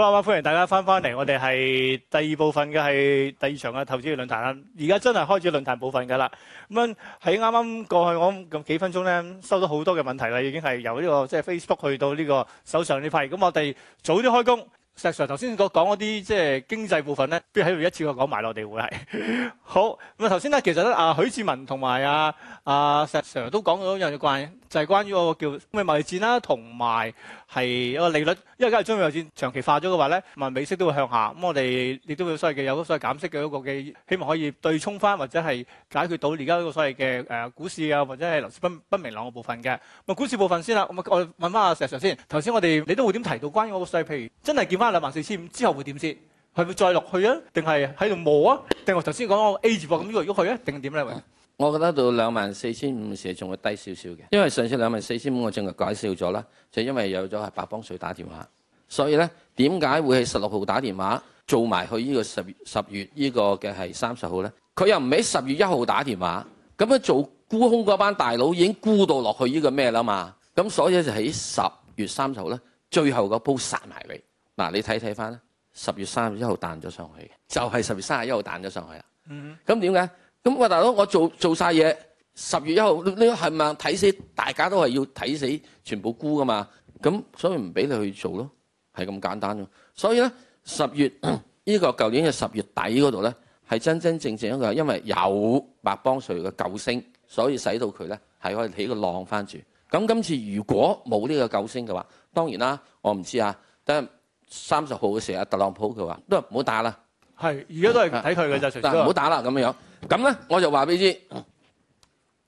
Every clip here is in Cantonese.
好啦，歡迎大家翻返嚟。我哋係第二部分嘅係第二場嘅投資論壇啊！而家真係開始論壇部分㗎啦。咁樣喺啱啱過去，我諗咁幾分鐘咧，收到好多嘅問題啦，已經係由呢、這個即係、就是、Facebook 去到呢個手上呢塊。咁我哋早啲開工。石 Sir 頭先講講嗰啲即係經濟部分咧，不如喺度一次過講埋落嚟會係好。咁啊頭先咧，其實咧啊許智文同埋啊啊石 Sir 都講咗一樣嘢，就係關於嗰個叫咩貿易戰啦，同埋係一個利率，因為而家係中美戰長期化咗嘅話咧，咪美息都會向下。咁我哋亦都會所謂嘅有咗所謂減息嘅一個嘅，希望可以對沖翻或者係解決到而家嗰個所謂嘅誒股市啊，或者係樓市不不明朗嘅部分嘅。咁啊股市部分先啦，咁我問翻阿石 Sir 先。頭先我哋你都會點提到關於嗰個所謂譬如真係見翻。兩萬四千五之後會點先？係會，會再落去啊？定係喺度磨啊？定我頭先講個 A 字喎？咁如果如果去啊？定係點咧？我覺得到兩萬四千五時仲會低少少嘅，因為上次兩萬四千五我正係改少咗啦，就因為有咗係白邦水打電話，所以咧點解會喺十六號打電話做埋去呢個十十月呢個嘅係三十號咧？佢又唔喺十月一號打電話，咁樣做沽空嗰班大佬已經沽到落去呢個咩啦嘛？咁所以就喺十月三十號咧，最後個波殺埋你。嗱，你睇睇翻十月三十一號彈咗上去，就係、是、十月三十一號彈咗上去啦。咁點解？咁、hmm. 喂，大佬，我做做晒嘢，十月一號，你係咪睇死？大家都係要睇死，全部沽噶嘛？咁所以唔俾你去做咯，係咁簡單咯。所以咧，十月呢、這個舊年嘅十月底嗰度咧，係真真正，正正一個，因為有白幫瑞嘅救星，所以使到佢咧係可以起個浪翻住。咁今次如果冇呢個救星嘅話，當然啦，我唔知啊，但係。三十號嘅時候，特朗普佢話：都話唔好打啦。係，而家都係睇佢嘅啫。除咗唔好打啦，咁樣樣咁咧，我就話俾你知，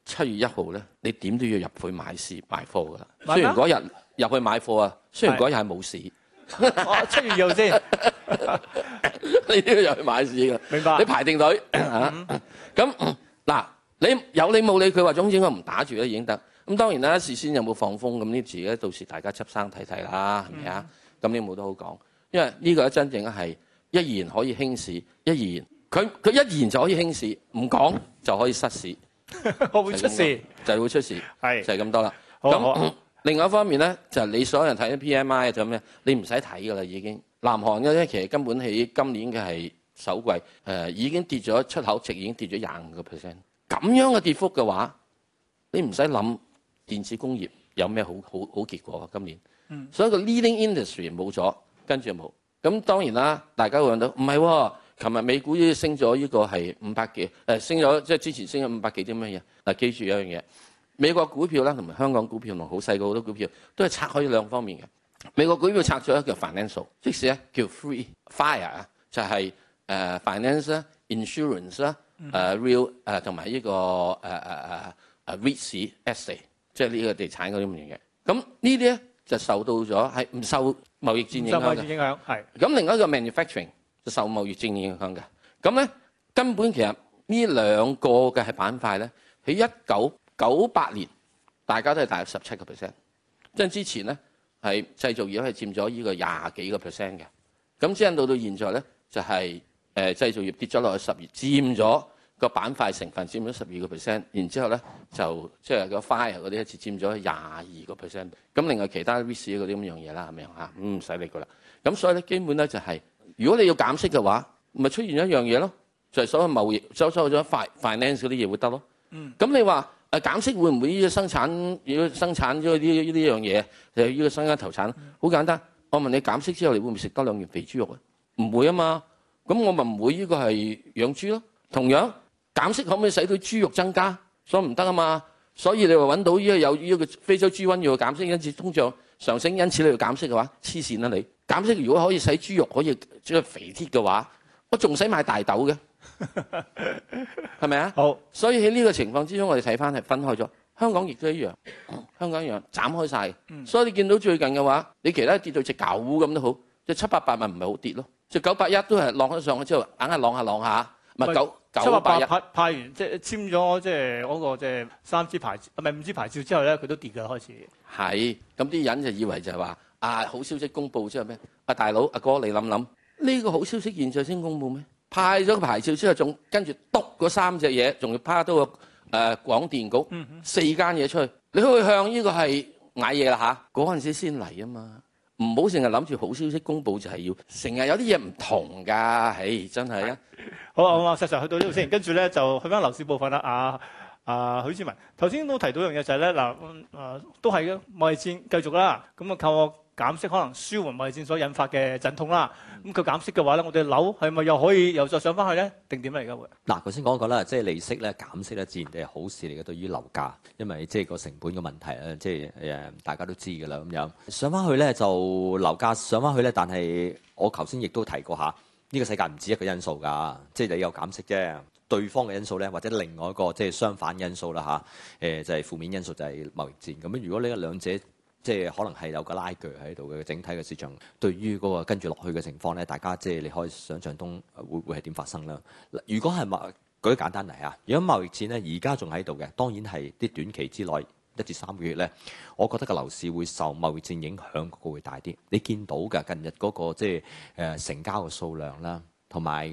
七月一號咧， 你點都要入去買市買貨㗎。雖然嗰日入去買貨啊，雖然嗰日係冇市。七月二號先，你都要入去買市㗎。明白。你排定隊嚇。咁嗱、 啊，你有理冇理？佢話總之我唔打住啦，已經得。咁當然啦，事先有冇放風咁呢自己到時大家執生睇睇啦，係咪啊？嗯咁你冇得好講，因為呢個一真正係一言可以輕視，一言佢佢一言就可以輕視，唔講就可以失事，我會出事就係會出事，是就係咁多啦。咁另外一方面咧，就係、是、你所有人睇緊 PMI 就咩？你唔使睇噶啦，已經南韓嗰其實根本喺今年嘅係首季、呃、已經跌咗出口值已經跌咗廿五個 percent，咁樣嘅跌幅嘅話，你唔使諗電子工業有咩好好好結果啊，今年。嗯、所以個 leading industry 冇咗，跟住又冇。咁當然啦，大家會揾到唔係喎。琴日、哦、美股已升咗呢個係五百幾，呃、升咗即係之前升咗五百幾啲咩嘢？嗱、啊，記住有一樣嘢，美國股票啦，同埋香港股票同好細個好多股票都係拆開兩方面嘅。美國股票拆咗一個 financial，即是咧叫 free fire，就係 finance、嗯、insurance、啊、誒 real 同埋呢個誒誒誒誒 real estate，即係呢個地產嗰啲咁嘅嘢。咁呢啲咧。就受到咗係唔受貿易戰影響嘅，咁另外一個 manufacturing 就受貿易戰影響嘅。咁咧根本其實呢兩個嘅係板塊咧，喺一九九八年大家都係大約十七個 percent，即係之前咧係製造業係佔咗呢個廿幾個 percent 嘅。咁之後到到現在咧就係誒製造業跌咗落去十月，佔咗。個板塊成分佔咗十二個 percent，然之後咧就即係個 fire 嗰啲一次佔咗廿二個 percent，咁另外其他 risk 嗰啲咁樣嘢啦，係咪啊？嗯，唔使理佢啦。咁所以咧，基本咧就係、是，如果你要減息嘅話，咪出現咗一樣嘢咯，就係、是、所謂貿易收收咗 fin finance 嗰啲嘢會得咯。嗯。咁你話誒、啊、減息會唔會依個生產要生產咗呢呢呢樣嘢？誒依個增加投產？好簡單，我問你減息之後你會唔會食多兩件肥豬肉嘅？唔會啊嘛。咁我咪唔會呢個係養豬咯。同樣。減息可唔可以使到豬肉增加？所以唔得啊嘛。所以你話揾到呢個有、呢個、非洲豬瘟要去減息，因此通脹上升，因此你要減息嘅話，黐線啦你。減息如果可以使豬肉可以即係肥啲嘅話，我仲使買大豆嘅，係咪啊？好。所以喺呢個情況之中，我哋睇翻係分開咗。香港亦都一樣，香港一樣斬開晒！嗯、所以你見到最近嘅話，你其他跌到隻狗咁都好，隻七百八唔係好跌咯。隻九百一都係浪咗上去之後，硬係浪下浪下，九不。1 1七十八,八派派完即係簽咗即係嗰、那個即係三支牌照，唔係五支牌照之後咧，佢都跌嘅開始。係，咁啲人就以為就係話啊，好消息公布之後咩？啊大佬阿、啊、哥，你諗諗，呢、這個好消息現在先公布咩？派咗牌照之後，仲跟住篤嗰三隻嘢，仲要派到個誒、呃、廣電局、嗯、哼四間嘢出去，你去向呢個係買嘢啦嚇，嗰、啊、陣時先嚟啊嘛。唔好成日諗住好消息公佈就係要，成日有啲嘢唔同㗎，唉，真係、 嗯、啊！好啊，我阿石石去到呢度先，跟住咧就去返樓市部分啦。阿阿許智文，頭先都提到一樣嘢就係咧，嗱，誒都係嘅，賣線繼續啦，咁啊靠我。減息可能舒緩貿易戰所引發嘅陣痛啦，咁佢減息嘅話咧，我哋樓係咪又可以又再上翻去咧？定點嚟噶會？嗱，頭先講過啦，即係利息咧減息咧，自然係好事嚟嘅對於樓價，因為即係個成本嘅問題咧，即係誒大家都知㗎啦，咁樣上翻去咧就樓價上翻去咧，但係我頭先亦都提過下，呢個世界唔止一個因素㗎，即係你有減息啫，對方嘅因素咧或者另外一個即係相反因素啦嚇，誒就係負面因素就係貿易戰咁樣。如果呢兩者即係可能係有個拉鋸喺度嘅，整體嘅市場對於嗰個跟住落去嘅情況咧，大家即係你可以想象中會會係點發生啦。如果係舉個簡單嚟啊，如果貿易戰咧而家仲喺度嘅，當然係啲短期之內一至三個月咧，我覺得個樓市會受貿易戰影響，嗰個會大啲。你見到嘅近日嗰個即係誒成交嘅數量啦，同埋。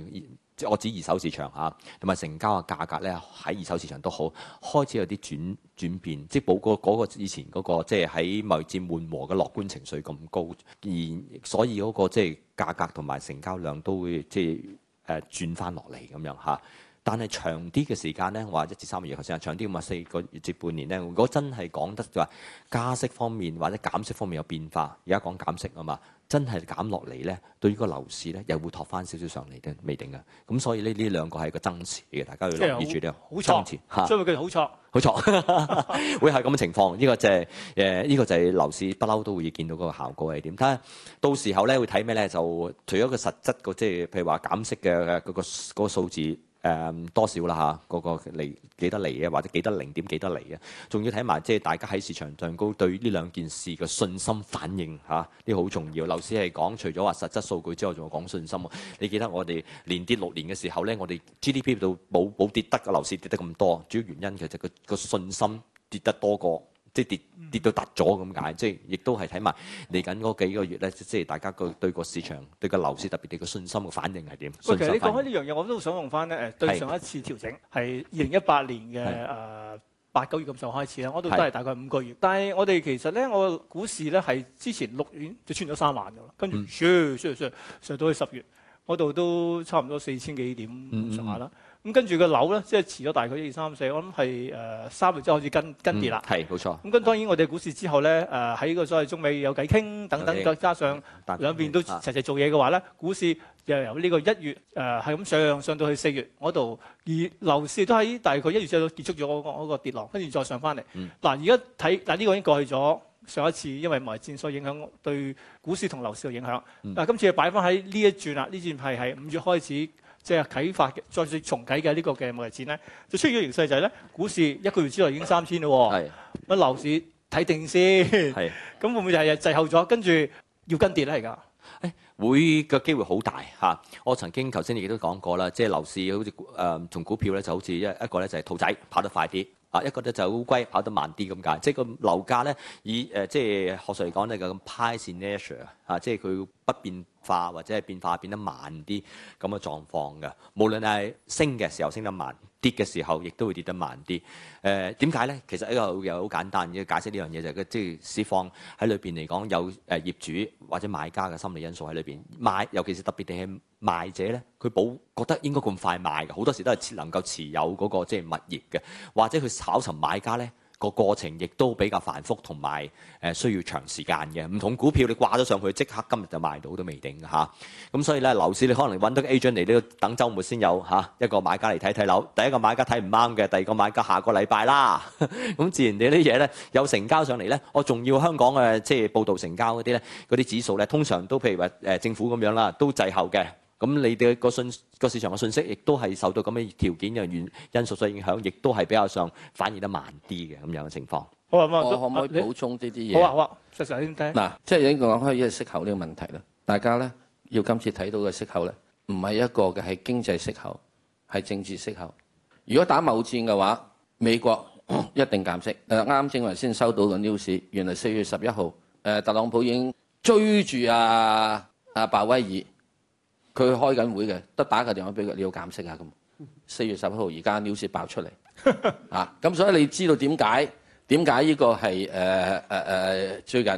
即我指二手市場嚇，同埋成交嘅價格咧，喺二手市場都好開始有啲轉轉變。即係保個以前嗰、嗰個即係喺貿易戰緩和嘅樂觀情緒咁高，而所以嗰個即係價格同埋成交量都會即係誒轉翻落嚟咁樣嚇。但係長啲嘅時間咧，話一至三個月，或者長啲咁話四個月至半年咧。如果真係講得就話加息方面或者減息方面有變化，而家講減息啊嘛，真係減落嚟咧，對於個樓市咧又會托返少少上嚟嘅，未定嘅。咁所以呢呢兩個係個爭持嘅，大家要留意住呢。好錯，爭持，所以佢哋好錯，好錯，會係咁嘅情況。呢、呢個就係、是、誒，依、呢個就係樓市不嬲都會見到嗰個效果係點。睇下，到時候咧會睇咩咧？就除咗個實質個即係譬如話減息嘅嗰個嗰個數字。誒、嗯、多少啦嚇，嗰、啊、個利幾得嚟，或者幾得零點幾得嚟，仲要睇埋即係大家喺市場上高對呢兩件事嘅信心反應呢好、啊、重要。樓市係講除咗話實質數據之外，仲要講信心。你記得我哋連跌六年嘅時候呢，我哋 GDP 到冇冇跌得個樓市跌得咁多，主要原因其實個個信心跌得多過。即係跌跌到突咗咁解，即係亦都係睇埋嚟緊嗰幾個月咧，即係大家個對個市場、對個樓市特別地個信心嘅反應係點？不過其實你講開呢樣嘢，我都想用翻咧誒，對上一次調整係二零一八年嘅誒八九月咁就開始啦，嗰度都係大概五個月。是但係我哋其實咧，我股市咧係之前六月就穿咗三萬嘅啦，跟住上、嗯、到去十月，嗰度都差唔多四千幾點上、嗯、下啦。跟住個樓咧，即係遲咗大概一二三四，我諗係三月之後開始跟跟跌啦。係冇、嗯、錯。咁當然我哋股市之後咧，誒、呃、喺個所謂中美有偈傾等等、嗯、等等，加上、嗯嗯、兩邊都齊齊做嘢嘅話咧，嗯嗯、股市又由呢個一月係咁、呃、上上到去四月嗰度，而樓市都喺大概一月之後結束咗嗰個跌浪。跟住再上翻嚟。嗱而家睇，但呢個已經過去咗。上一次因為貿戰所以影響對股市同樓市嘅影響。嗱、嗯、今次擺翻喺呢一轉啦，呢轉係係五月開始。即係啟發嘅，再次重啓嘅呢個嘅貿易戰咧，就出現咗形勢就係咧，股市一個月之內已經三千咯喎。乜的樓市睇定先，咁的 會唔會就係滯後咗，跟住要跟跌咧？而家誒會嘅機會好大嚇。我曾經頭先亦都講過啦，即係樓市好似誒、呃、從股票咧就好似一一個咧就係兔仔跑得快啲啊，一個咧就烏龜跑得慢啲咁解。即係個樓價咧以誒即係學術嚟講咧個、就是、price nature 啊，即係佢不變化或者係變化變得慢啲咁嘅狀況嘅。無論係升嘅時候升得慢，跌嘅時候亦都會跌得慢啲。誒、呃，點解咧？其實呢個又好簡單嘅解釋呢樣嘢就係即係釋放喺裏邊嚟講有誒業主或者買家嘅心理因素喺裏邊買，尤其是特別地係賣者咧，佢保覺得應該咁快賣嘅，好多時都係能夠持有嗰個即係物業嘅，或者佢炒尋買家咧。個過程亦都比較繁複，同埋誒需要長時間嘅。唔同股票你掛咗上去，即刻今日就賣到都未定吓。咁所以呢，樓市你可能揾到 agent 嚟，你要等週末先有吓一個買家嚟睇睇樓。第一個買家睇唔啱嘅，第二個買家下個禮拜啦。咁 自然你啲嘢呢，有成交上嚟呢。我仲要香港嘅即係報道成交嗰啲呢，嗰啲指數呢，通常都譬如話政府咁樣啦，都滯後嘅。咁你哋、個信、個市場嘅信息，亦都係受到咁嘅條件嘅因，因素所影響，亦都係比較上反映得慢啲嘅咁樣嘅情況。好，我可唔可以補充呢啲嘢？好啊，實實先聽。嗱、啊，即係已經講開呢個息口呢個問題啦。大家咧要今次睇到嘅息口咧，唔係一個嘅係經濟息口，係政治息口。如果打貿戰嘅話，美國一定減息。啱正話先收到個 news，原來四月十一號，特朗普已經追住阿阿鮑威爾。佢開緊會嘅，得打個電話俾佢，你要減息啊咁。四月十一號而家 news 爆出嚟 啊，咁所以你知道點解點解呢個係誒誒誒最近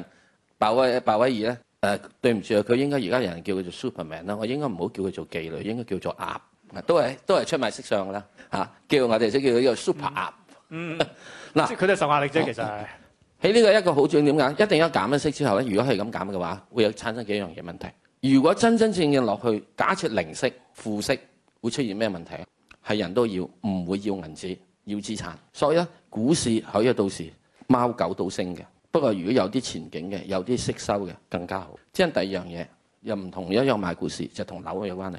鮑威鮑威爾咧誒？對唔住啊，佢應該而家人叫佢做 super man 啦，我應該唔好叫佢做妓女，應該叫佢做鴨，都係都係出賣色相㗎啦嚇，叫我哋先叫佢做 super 鴨。嗯，嗱、啊，佢哋、嗯、受壓力啫，其實喺呢、啊、個一個好處點解？一定要減一息之後咧，如果係咁減嘅話，會有產生幾樣嘢問題。如果真真正正落去，假設零息、負息會出現咩問題啊？係人都要，唔會要銀紙，要資產。所以咧，股市可以到時，貓狗都升嘅。不過如果有啲前景嘅，有啲息收嘅，更加好。即係第二樣嘢，又唔同一樣賣股市，就同樓有關係。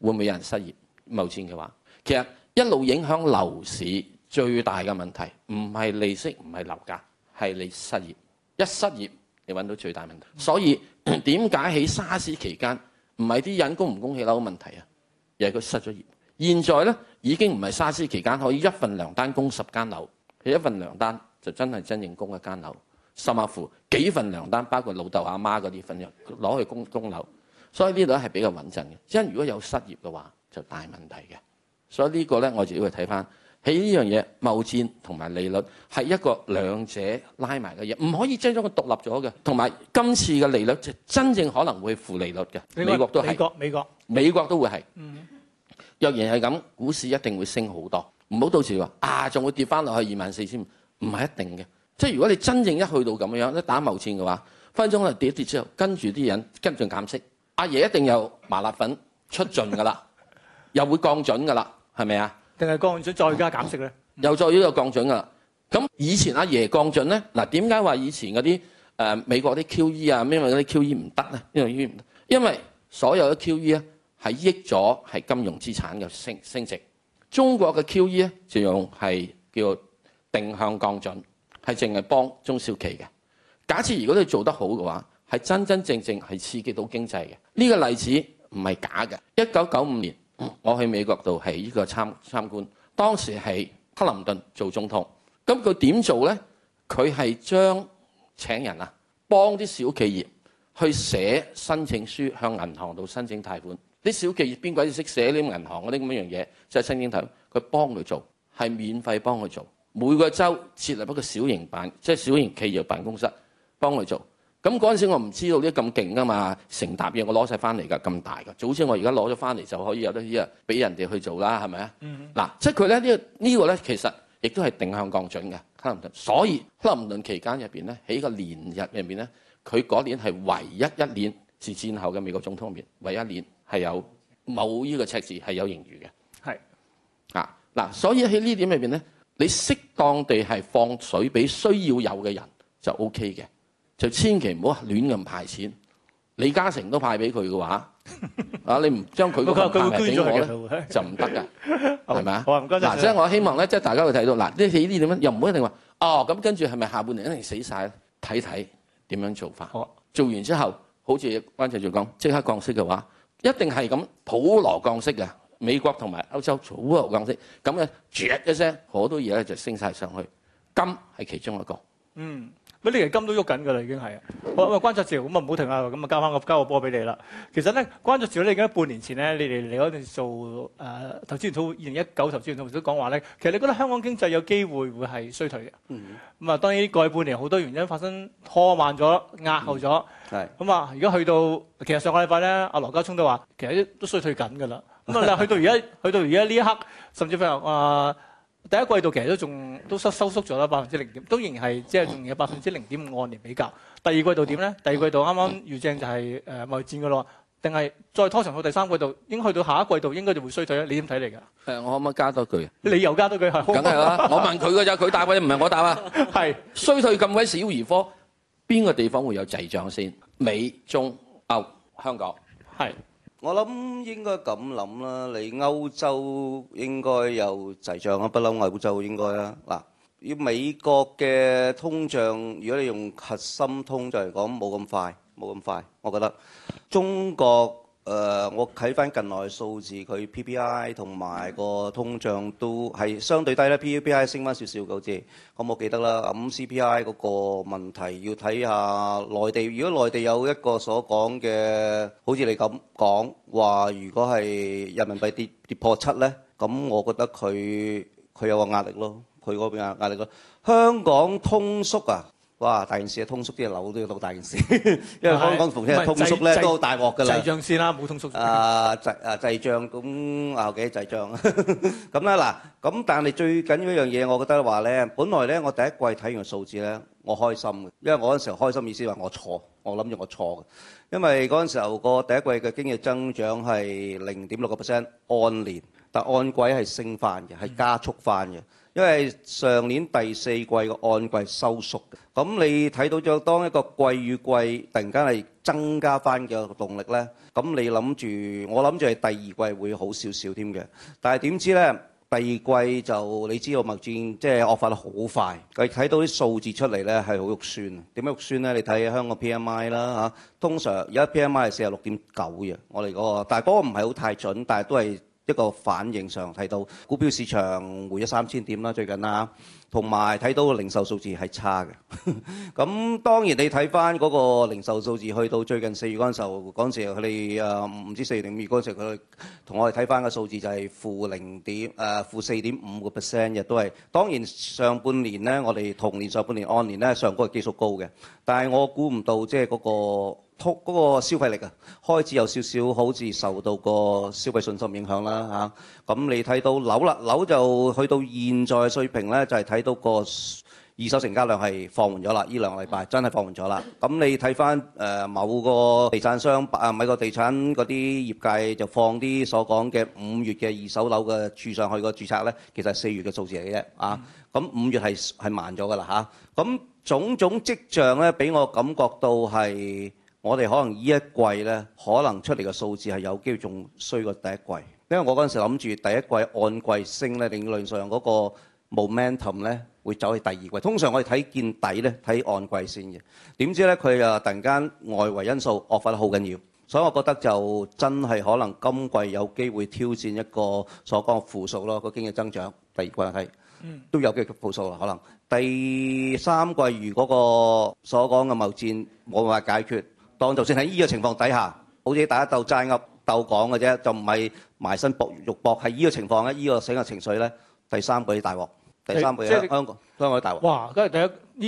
會唔會有人失業？冇錢嘅話，其實一路影響樓市最大嘅問題，唔係利息，唔係樓價，係你失業。一失業。你揾到最大問題，所以點解喺沙士期間唔係啲人供唔供起樓嘅問題啊？又係佢失咗業了。現在呢，已經唔係沙士期間可以一份糧單供十間樓，係一份糧單就真係真正供一間樓，甚或乎幾份糧單，包括老豆阿媽嗰啲份嘢攞去供供樓。所以呢度係比較穩陣嘅，因為如果有失業嘅話就大問題嘅。所以呢個呢，我自己會睇翻。喺呢樣嘢貿戰同埋利率係一個兩者拉埋嘅嘢，唔可以將咗佢獨立咗嘅。同埋今次嘅利率就真正可能會負利率嘅國，美國都係美國美國美國都會係。嗯、若然係咁，股市一定會升好多。唔好到時話啊，仲會跌翻落去二萬四千五，唔係一定嘅。即係如果你真正一去到咁樣一打貿戰嘅話，分鐘可能跌一跌之後，跟住啲人跟進減息，阿爺一定有麻辣粉出盡噶啦， 又會降準噶啦，係咪啊？定係降準再加減息咧？又再呢個降準啊！咁以前阿爺降準咧，嗱點解話以前嗰啲誒美國啲 QE 啊，咩話啲 QE 唔得咧，呢個 QE 唔得，因為所有嘅 QE 啊係益咗係金融資產嘅升升值。中國嘅 QE 咧，就用係叫做定向降準，係淨係幫中小企嘅。假設如果你做得好嘅話，係真真正正係刺激到經濟嘅。呢個例子唔係假嘅。一九九五年。我去美國度係呢個參參觀，當時係克林頓做總統，咁佢點做呢？佢係將請人啊，幫啲小企業去寫申請書向銀行度申請貸款。啲小企業邊個鬼識寫啲銀行嗰啲咁樣嘢即係申請貸款？佢幫佢做，係免費幫佢做。每個州設立一個小型辦，即係小型企業辦公室幫佢做。咁嗰陣時，我唔知道呢咁勁噶嘛，成擔嘢我攞晒翻嚟㗎，咁大㗎。早知我而家攞咗翻嚟，就可以有得依、嗯、哼啊，俾人哋去做啦，係咪啊？嗱，即係佢咧呢個呢個咧，其實亦都係定向降準嘅，克林頓？所以克林頓期間入面咧，喺個年日入面咧，佢嗰年係唯一一年是戰後嘅美國總統入面，唯一年係有冇呢個赤字係有盈餘嘅。係是啊，嗱，所以喺呢點入面咧，你適當地係放水俾需要有嘅人就 O K 嘅。就千祈唔好亂咁派錢，李嘉誠都派俾佢嘅話，啊 你唔將佢嘅派嚟俾我咧， 就唔得㗎，係咪啊？嗱那，即係我希望咧，即係 大家會睇到嗱，呢啲呢啲點樣？又唔好一定話哦，咁跟住係咪下半年一定死曬？睇睇點樣做法。 做完之後，好似關 Sir 就講即刻降息嘅話，一定係咁普羅降息嘅，美國同埋歐洲普羅降息，咁嘅一聲，好多嘢咧就升晒上去，金係其中一個。嗯。嗰啲嚟金都喐緊㗎啦，已經係啊！咁喂，關焯照，咁啊唔好停啊！咁啊交翻個交個波俾你啦。其實咧，關焯照你記得半年前咧，你哋嚟嗰陣做誒投資研討會，二零一九投資研討會都講話咧，其實你覺得香港經濟有機會會係衰退嘅。咁啊、嗯，當然過去半年好多原因發生拖慢咗、壓後咗。係、嗯。咁啊，如果去到其實上個禮拜咧，阿羅家聰都話其實都衰退緊㗎啦。咁啊，去到而家， 去到而家呢一刻，甚至乎啊～、呃第一季度其實都仲都收收縮咗啦，百分之零點，都仍然係即係仲有百分之零點五按年比較。第二季度點咧？第二季度啱啱預正就係誒貿易戰噶咯，定係再拖長到第三季度？應該去到下一季度應該就會衰退咧？你點睇嚟噶？誒、呃，我可唔可以加多句？你又加多句係？梗係啦，我問佢噶咋，佢答嘅唔係我答啊。係 是衰退咁鬼小兒科，邊個地方會有滯脹先？美、中、歐、香港係。我諗應該咁諗啦，你歐洲應該有滯脹，不嬲歐洲應該啦。嗱，要美國嘅通脹，如果你用核心通脹嚟講，冇咁快，冇咁快，我覺得中國。Uh, 我睇翻近來數字，佢 PPI 同埋個通脹都係相對低咧。 PPI 升翻少少，好似我冇記得啦。咁 CPI 嗰個問題要睇下內地。如果內地有一個所講嘅，好似你咁講話，如果係人民幣跌跌破七呢，咁我覺得佢有個壓力咯，佢嗰邊壓力咯。香港通縮啊！哇！大件事啊，通縮啲樓都要到大件事，因為香港本身係通縮咧，制制都好大鑊㗎啦。滯脹先啦，冇通縮、啊嗯。啊，滯、嗯、啊，滯脹咁有幾多滯咁啦，嗱、嗯、咁、啊、但係最緊要的一樣嘢，我覺得話咧，本來咧，我第一季睇完數字咧，我開心嘅，因為我嗰陣時候開心意思係話我錯，我諗住我錯嘅，因為嗰陣時候個第一季嘅經濟增長係零點六個 percent 按年，但按季係升翻嘅，係加速翻嘅。嗯因為上年第四季的按季收縮，咁你睇到咗當一個季與季突然間係增加返嘅動力呢。咁你諗住我諗住係第二季會好少少添嘅，但係點知呢，第二季就你知道貿戰即係惡化得好快，佢睇到啲數字出嚟呢係好肉酸。點樣肉酸呢？你睇香港 P M I 啦，啊，通常而家 P M I 係四十六點九嘅，我哋嗰個，但係嗰個唔係好太準，但係都係。一個反應上睇到股票市場回咗三千點啦，最近啦，同埋睇到零售數字係差嘅。咁 當然你睇翻嗰個零售數字，去到最近四月嗰陣時候，嗰陣佢哋誒唔知四月定五月嗰時，佢哋同我哋睇翻嘅數字就係負零點誒，負四點五個 percent 嘅，都係當然上半年咧，我哋同年上半年按年咧上個月基數高嘅，但係我估唔到即係嗰個。突嗰個消費力啊，開始有少少好似受到個消費信心影響啦嚇。咁你睇到樓啦，樓就去到現在水平咧，就係睇到個二手成交量係放緩咗啦。呢兩個禮拜真係放緩咗啦。咁你睇翻誒某個地產商啊，美國地產嗰啲業界就放啲所講嘅五月嘅二手樓嘅處上去個註冊咧，其實係四月嘅數字嚟嘅啊。咁五月係係慢咗㗎啦嚇。咁種種跡象咧，俾我感覺到係。我哋可能呢一季咧，可能出嚟嘅數字係有機會仲衰過第一季，因為我嗰陣時諗住第一季按季升咧，理論上嗰個 momentum 咧會走去第二季。通常我哋睇見底咧，睇按季先嘅。點知咧，佢啊突然間外圍因素惡化得好緊要，所以我覺得就真係可能今季有機會挑戰一個所講嘅負數咯，個經濟增長第二季係都有機會負數可能。第三季如果個所講嘅貿戰冇辦法解決，當就算喺依個情況底下，好似大家鬥債鴨鬥講嘅啫，就唔係埋身搏肉搏，係依個情況，這個，呢依個成個情緒第三季大鑊，第三季即香港是香港大鑊。哇！第一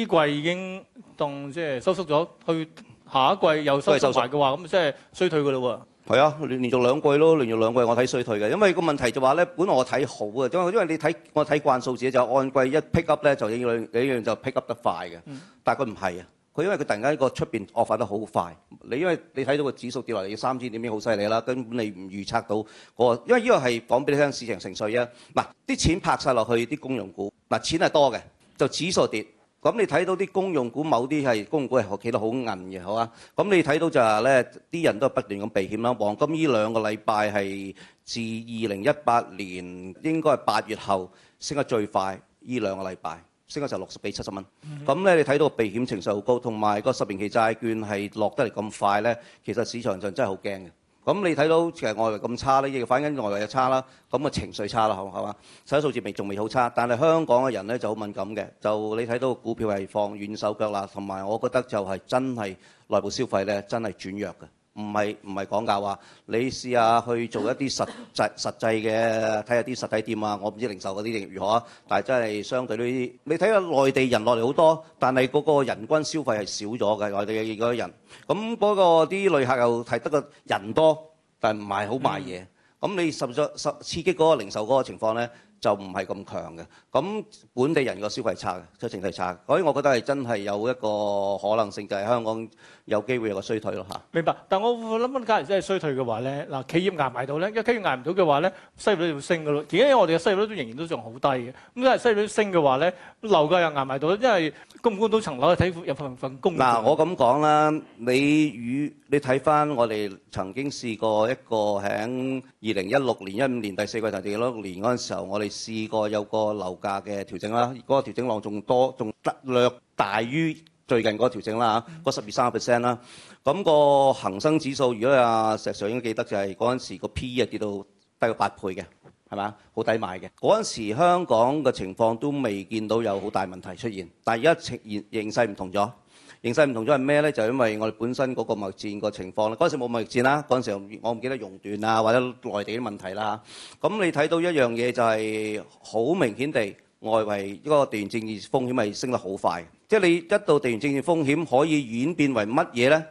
這季已經當即係收縮咗，去下一季又收縮了嘅話，咁即係衰退嘅嘞喎。係啊，連連續兩季咯，連續兩季我睇衰退嘅，因為個問題就話，是，咧，本來我睇好嘅，因為你睇我睇慣數字就按季一 pick up 就一樣一就 pick up 得快嘅，嗯、但係佢唔係佢因為佢突然間個出邊惡化得好快，你因為你睇到個指數跌落嚟要三千點已經好犀利啦，根本你唔預測到我。因為呢個係講俾你聽市場情緒啊，嗱啲錢拍晒落去啲公用股，嗱錢係多嘅，就指數跌，咁你睇到啲公用股某啲係公用股係企得好硬嘅，好啊，咁你睇到就係咧啲人都係不斷咁避險啦。黃金呢兩個禮拜係自二零一八年應該係八月後升得最快，呢兩個禮拜。升嗰時候六十比七十蚊，咁咧、mm hmm. 你睇到避險情緒好高，同埋個十年期債券係落得嚟咁快咧，其實市場上真係好驚嘅。咁你睇到其實外圍咁差咧，亦反緊外圍又差啦，咁啊情緒差啦，好係嘛？睇數字未仲未好差，但係香港嘅人咧就好敏感嘅，就你睇到股票係放軟手腳啦，同埋我覺得就係真係內部消費咧真係轉弱嘅。唔係唔係講教啊！你試下去做一啲實際實際嘅，睇下啲實體店啊！我唔知道零售嗰啲業如何啊，但係真係相對你，你睇下內地人落嚟好多，但係嗰個人均消費係少咗嘅內地嗰人。咁、那、嗰個啲旅客又睇得個人多，但係唔係好賣嘢。咁、嗯、你受咗受刺激嗰個零售嗰個情況呢？就唔係咁強嘅，咁本地人個消費差，出城嚟差，所以我覺得係真係有一個可能性，就係香港有機會有個衰退咯嚇。明白，但係我諗緊，假如真係衰退嘅話咧，嗱，企業捱埋到咧，一企業捱唔到嘅話咧，失業率就升㗎咯。而家我哋嘅失業率都仍然都仲好低嘅，咁一係失業率升嘅話咧，樓價又捱埋到，因為供唔供到層樓係睇有份份工。嗱，我咁講啦，你與你睇翻我哋曾經試過一個喺二零一六年一五年第四季同第二六年嗰陣時候，我哋。試過有個樓價嘅調整啦，嗰個調整浪仲多，仲略大於最近嗰個調整啦嚇，十二三個 percent 啦。咁個恒生指數，如果你阿石尚應該記得，就係嗰陣時個 P E 啊跌到低過八倍嘅，係咪？好抵買嘅。嗰陣時香港嘅情況都未見到有好大問題出現，但係而家情形勢唔同咗。形勢唔同咗係咩呢？就因為我哋本身嗰個貿易戰個情況啦。嗰陣時冇貿易戰啦，嗰陣時我唔記得熔斷啊，或者內地啲問題啦。咁你睇到一樣嘢就係好明顯地，外圍嗰個地緣政治風險係升得好快。即係你一到地緣政治風險可以演變為乜嘢呢？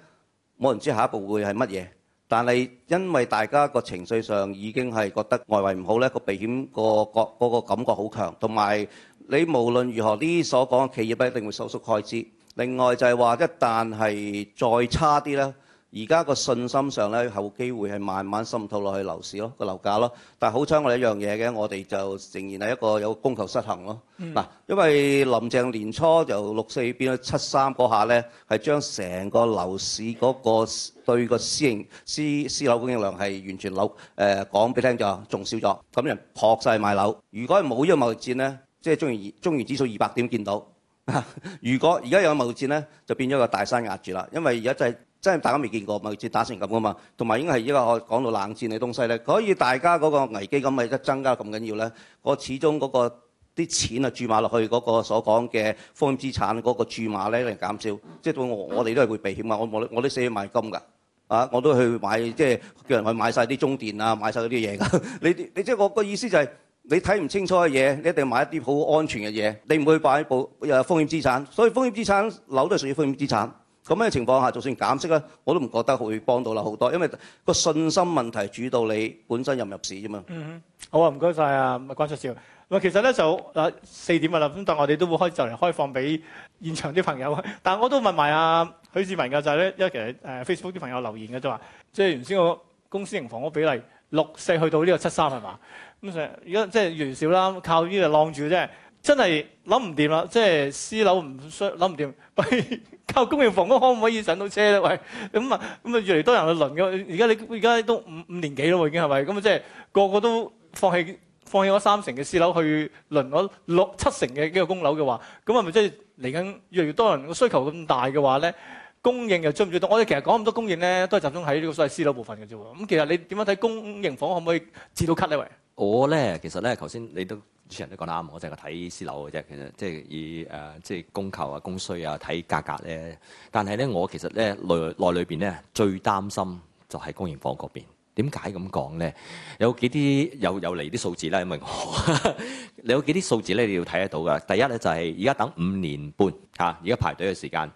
冇人知下一步會係乜嘢。但係因為大家個情緒上已經係覺得外圍唔好呢，個避險個覺嗰個感覺好強，同埋你無論如何呢啲所講嘅企業都一定會收縮開支。另外就係話，一旦係再差啲呢，而家個信心上呢，有機會係慢慢滲透落去樓市囉，個樓價囉。但好彩我哋一樣嘢嘅，我哋就仍然係一個有一個供求失衡囉。嗯、因為林鄭年初由六四變咗七三嗰下呢，係將成個樓市嗰、嗰個對個私營私，私樓樓供應量係完全漏誒講俾聽就了，仲少咗，咁人撲曬買樓。如果冇呢個貿易戰呢，即係中原中原指數二百點見到。 如果而家有貿易戰咧，就變咗個大山壓住啦。因為而家就係真係大家未見過貿易戰打成咁㗎嘛。同埋應該係因為我講到冷戰嘅東西咧，可以大家嗰個危機咁咪一增加咁緊要咧。我始終嗰、那個啲錢啊注碼落去嗰、那個所講嘅風險資產嗰個注碼咧嚟減少，即係到我我哋都係會避險啊！我我我都寫埋金㗎啊！我都去買即係、就是、叫人去買晒啲中電啊，買晒嗰啲嘢㗎。你你即係、就是、我個意思就係、是。你睇唔清楚嘅嘢，你一定要買一啲好安全嘅嘢。你唔會擺又有風險資產，所以風險資產樓都係屬於風險資產。咁樣嘅情況下，就算減息咧，我都唔覺得會幫到樓好多，因為個信心問題主導你本身入唔入市啫嘛。嗯哼，好謝謝啊，唔該晒啊，唔該曬，關焯少。咁其實咧就嗱四點啦，咁但我哋都會開就嚟開放俾現場啲朋友。但我都問埋阿許智文噶，就係、是、咧，因為其實誒、啊、Facebook 啲朋友留言嘅就話，即係原先個公私營房屋比例六四去到呢個七三係嘛？咁成而家即係元少啦，靠呢啲嚟晾住啫。真係諗唔掂啦，即係私樓唔想諗唔掂，喂、哎，靠公營房屋可唔可以上到車咧？喂，咁啊咁啊，越嚟多人去輪嘅。而家你而家都五五年幾啦喎，已經係咪咁啊？即係個個都放棄放棄嗰三成嘅私樓去輪嗰六七成嘅幾個公樓嘅話，咁係咪即係嚟緊越嚟越多人嘅需求咁大嘅話咧？供應又追唔追到？我哋其實講咁多供應咧，都係集中喺呢個所謂私樓部分嘅啫。咁、嗯、其實你點樣睇公營房可唔可以止到咳咧？喂？我咧其實咧，頭先你都主持人都講得啱，我淨係睇私樓嘅啫。其實即係以誒，即、呃、係、就是、供求啊、供需啊，睇價格咧。但係咧，我其實咧內內裏邊咧最擔心就係公營房嗰邊。點解咁講咧？有幾啲有有嚟啲數字咧，因為我 你有幾啲數字咧，你要睇得到㗎。第一咧就係而家等五年半嚇，而、啊、家排隊嘅時間。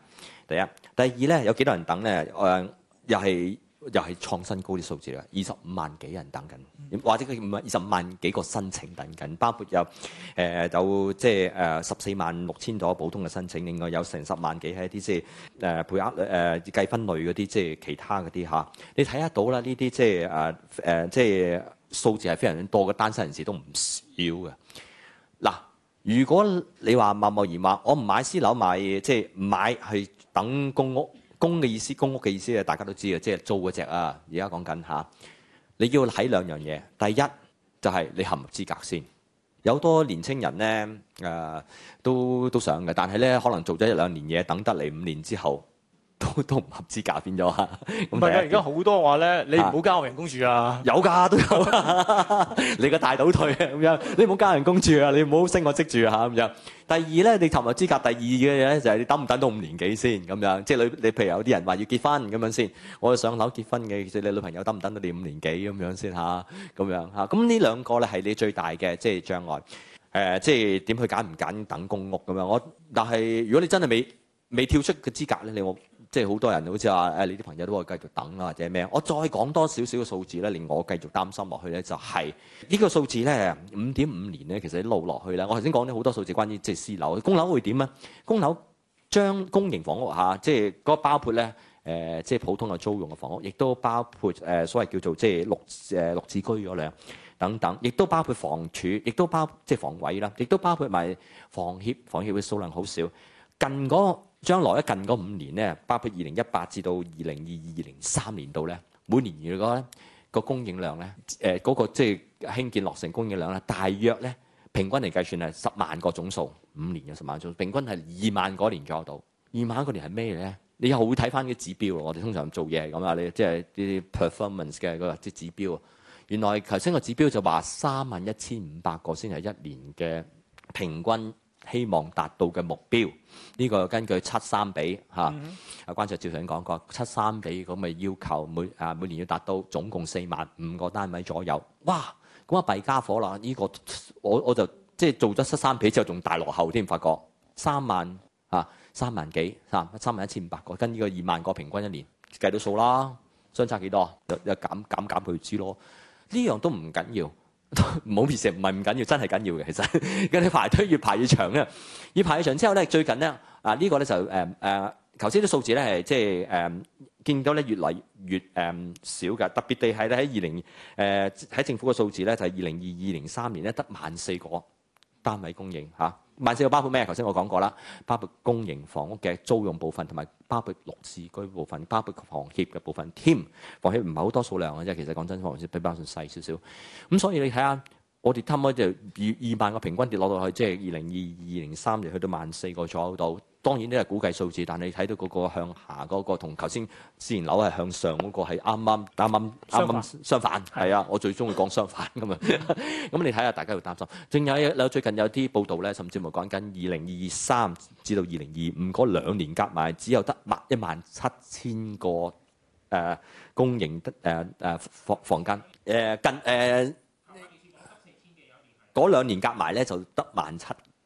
第一，第二咧有幾多人等咧？誒、呃，又係。又係創新高啲數字啦，二十五萬幾人等緊，或者佢二十五萬幾個申請等緊，包括有誒、呃、有即係誒十四萬六千多普通嘅申請，另外有成十萬幾係一啲即係誒配額誒計分類嗰啲，即、呃、係、呃呃、其他嗰啲嚇。你睇得到啦，呢啲即係誒誒即係數字係非常之多嘅，單身人士都唔少嘅。嗱，如果你話默默而默，我唔買私樓買即係買去等公屋，.公嘅意思，公屋嘅意思啊，大家都知啊，即係租嗰隻啊。而家講緊吓，你要睇兩樣嘢。第一就係、是、你合唔合資格先。有多年青人咧，誒、呃、都都想嘅，但係咧可能做咗一兩年嘢，等得嚟五年之後。都都唔合資格變咗嚇，係而家好多話咧，啊、你唔好交人工住啊，有㗎都有， 你個大倒退啊咁樣，你唔好交人工住啊，你唔好升我職住啊，咁樣。第二咧，你尋求資格第二嘅嘢咧，就係、是、你等唔等到五年幾先咁樣，即係你你譬如有啲人話要結婚咁樣先，我係上樓結婚嘅，即係你女朋友等唔等到你五年幾咁樣先嚇咁樣嚇。咁呢兩個咧係你最大嘅即係障礙，即係點、呃、去揀唔揀等公屋咁樣。我但係如果你真係未未跳出個資格咧，你我。即係好多人好似話誒，你啲朋友都會繼續等啊，或者咩？我再講多少少嘅數字咧，令我繼續擔心落去咧，就係、是這個、呢個數字咧，五點五年咧，其實一路落去咧。我頭先講咗好多數字關於，關於即係私樓、公樓會點咧？公樓將公營房屋嚇，即係嗰包括咧誒，即係普通嘅租用嘅房屋，亦都包括誒、呃、所謂叫做即係綠誒綠字居嗰兩等等，亦都包括房署，亦都包即係房委啦，亦都包括埋房協，房協嘅數量好少，近嗰。將來咧近嗰五年咧，包括二零一八至到二零二二零三年度咧，每年如果咧個供應量咧，誒、那、嗰個即係興建落成供應量咧，大約咧平均嚟計算係十萬個總數，五年有十萬總，平均係二萬個年左右到。二萬個年係咩咧？你又會睇翻啲指標，我哋通常做嘢咁啊，你即係啲 performance 嘅嗰啲指標。原來頭先個指標就話三萬一千五百個先係一年嘅平均。希望達到嘅目標，呢、這個根據七三比嚇，阿、啊 mm hmm. 啊、關焯照想講過七三比，咁咪要求每啊每年要達到總共四萬五個單位左右。哇！咁啊弊傢伙啦，呢、這個我我就即係、就是、做咗七三比之後仲大落後添，發覺三萬啊三萬幾嚇三,三萬一千五百個，跟呢個二萬個平均一年計到數啦，相差幾多又減，減減減佢知咯？呢樣都唔緊要。唔好撇石，唔係唔緊要，真係緊要嘅。其實，咁你排隊越排越長咧，越排越長之後咧，最近咧，啊、這、呢個咧就誒誒，頭先啲數字咧係即係誒見到咧越嚟越誒、呃、少嘅，特別地係咧喺二零誒喺政府嘅數字咧，就係二零二二零三年咧得萬四個單位供應嚇。啊萬四個包括咩？頭先我講過啦，包括公營房屋嘅租用部分，同埋包括綠置居部分，包括房協嘅部分。添房協唔係好多數量嘅，即係其實講真，房協比巴士細少少。咁所以你睇下。我哋貪開就二二萬個平均跌落落去，即係二零二二零三就去、是、到萬四個左右度。當然呢係估計數字，但你睇到嗰個向下嗰、那個同頭先私人樓係向上嗰、那個係啱啱啱啱啱啱相反。係啊，我最中意講相反㗎嘛。咁 你睇下大家要擔心。正有有最近有啲報道咧，甚至乎講緊二零二三至到二零二五嗰兩年夾埋，只有得百一萬七千個誒公營的誒誒房房間。誒、呃、近誒。呃嗰兩年夾埋咧就得萬七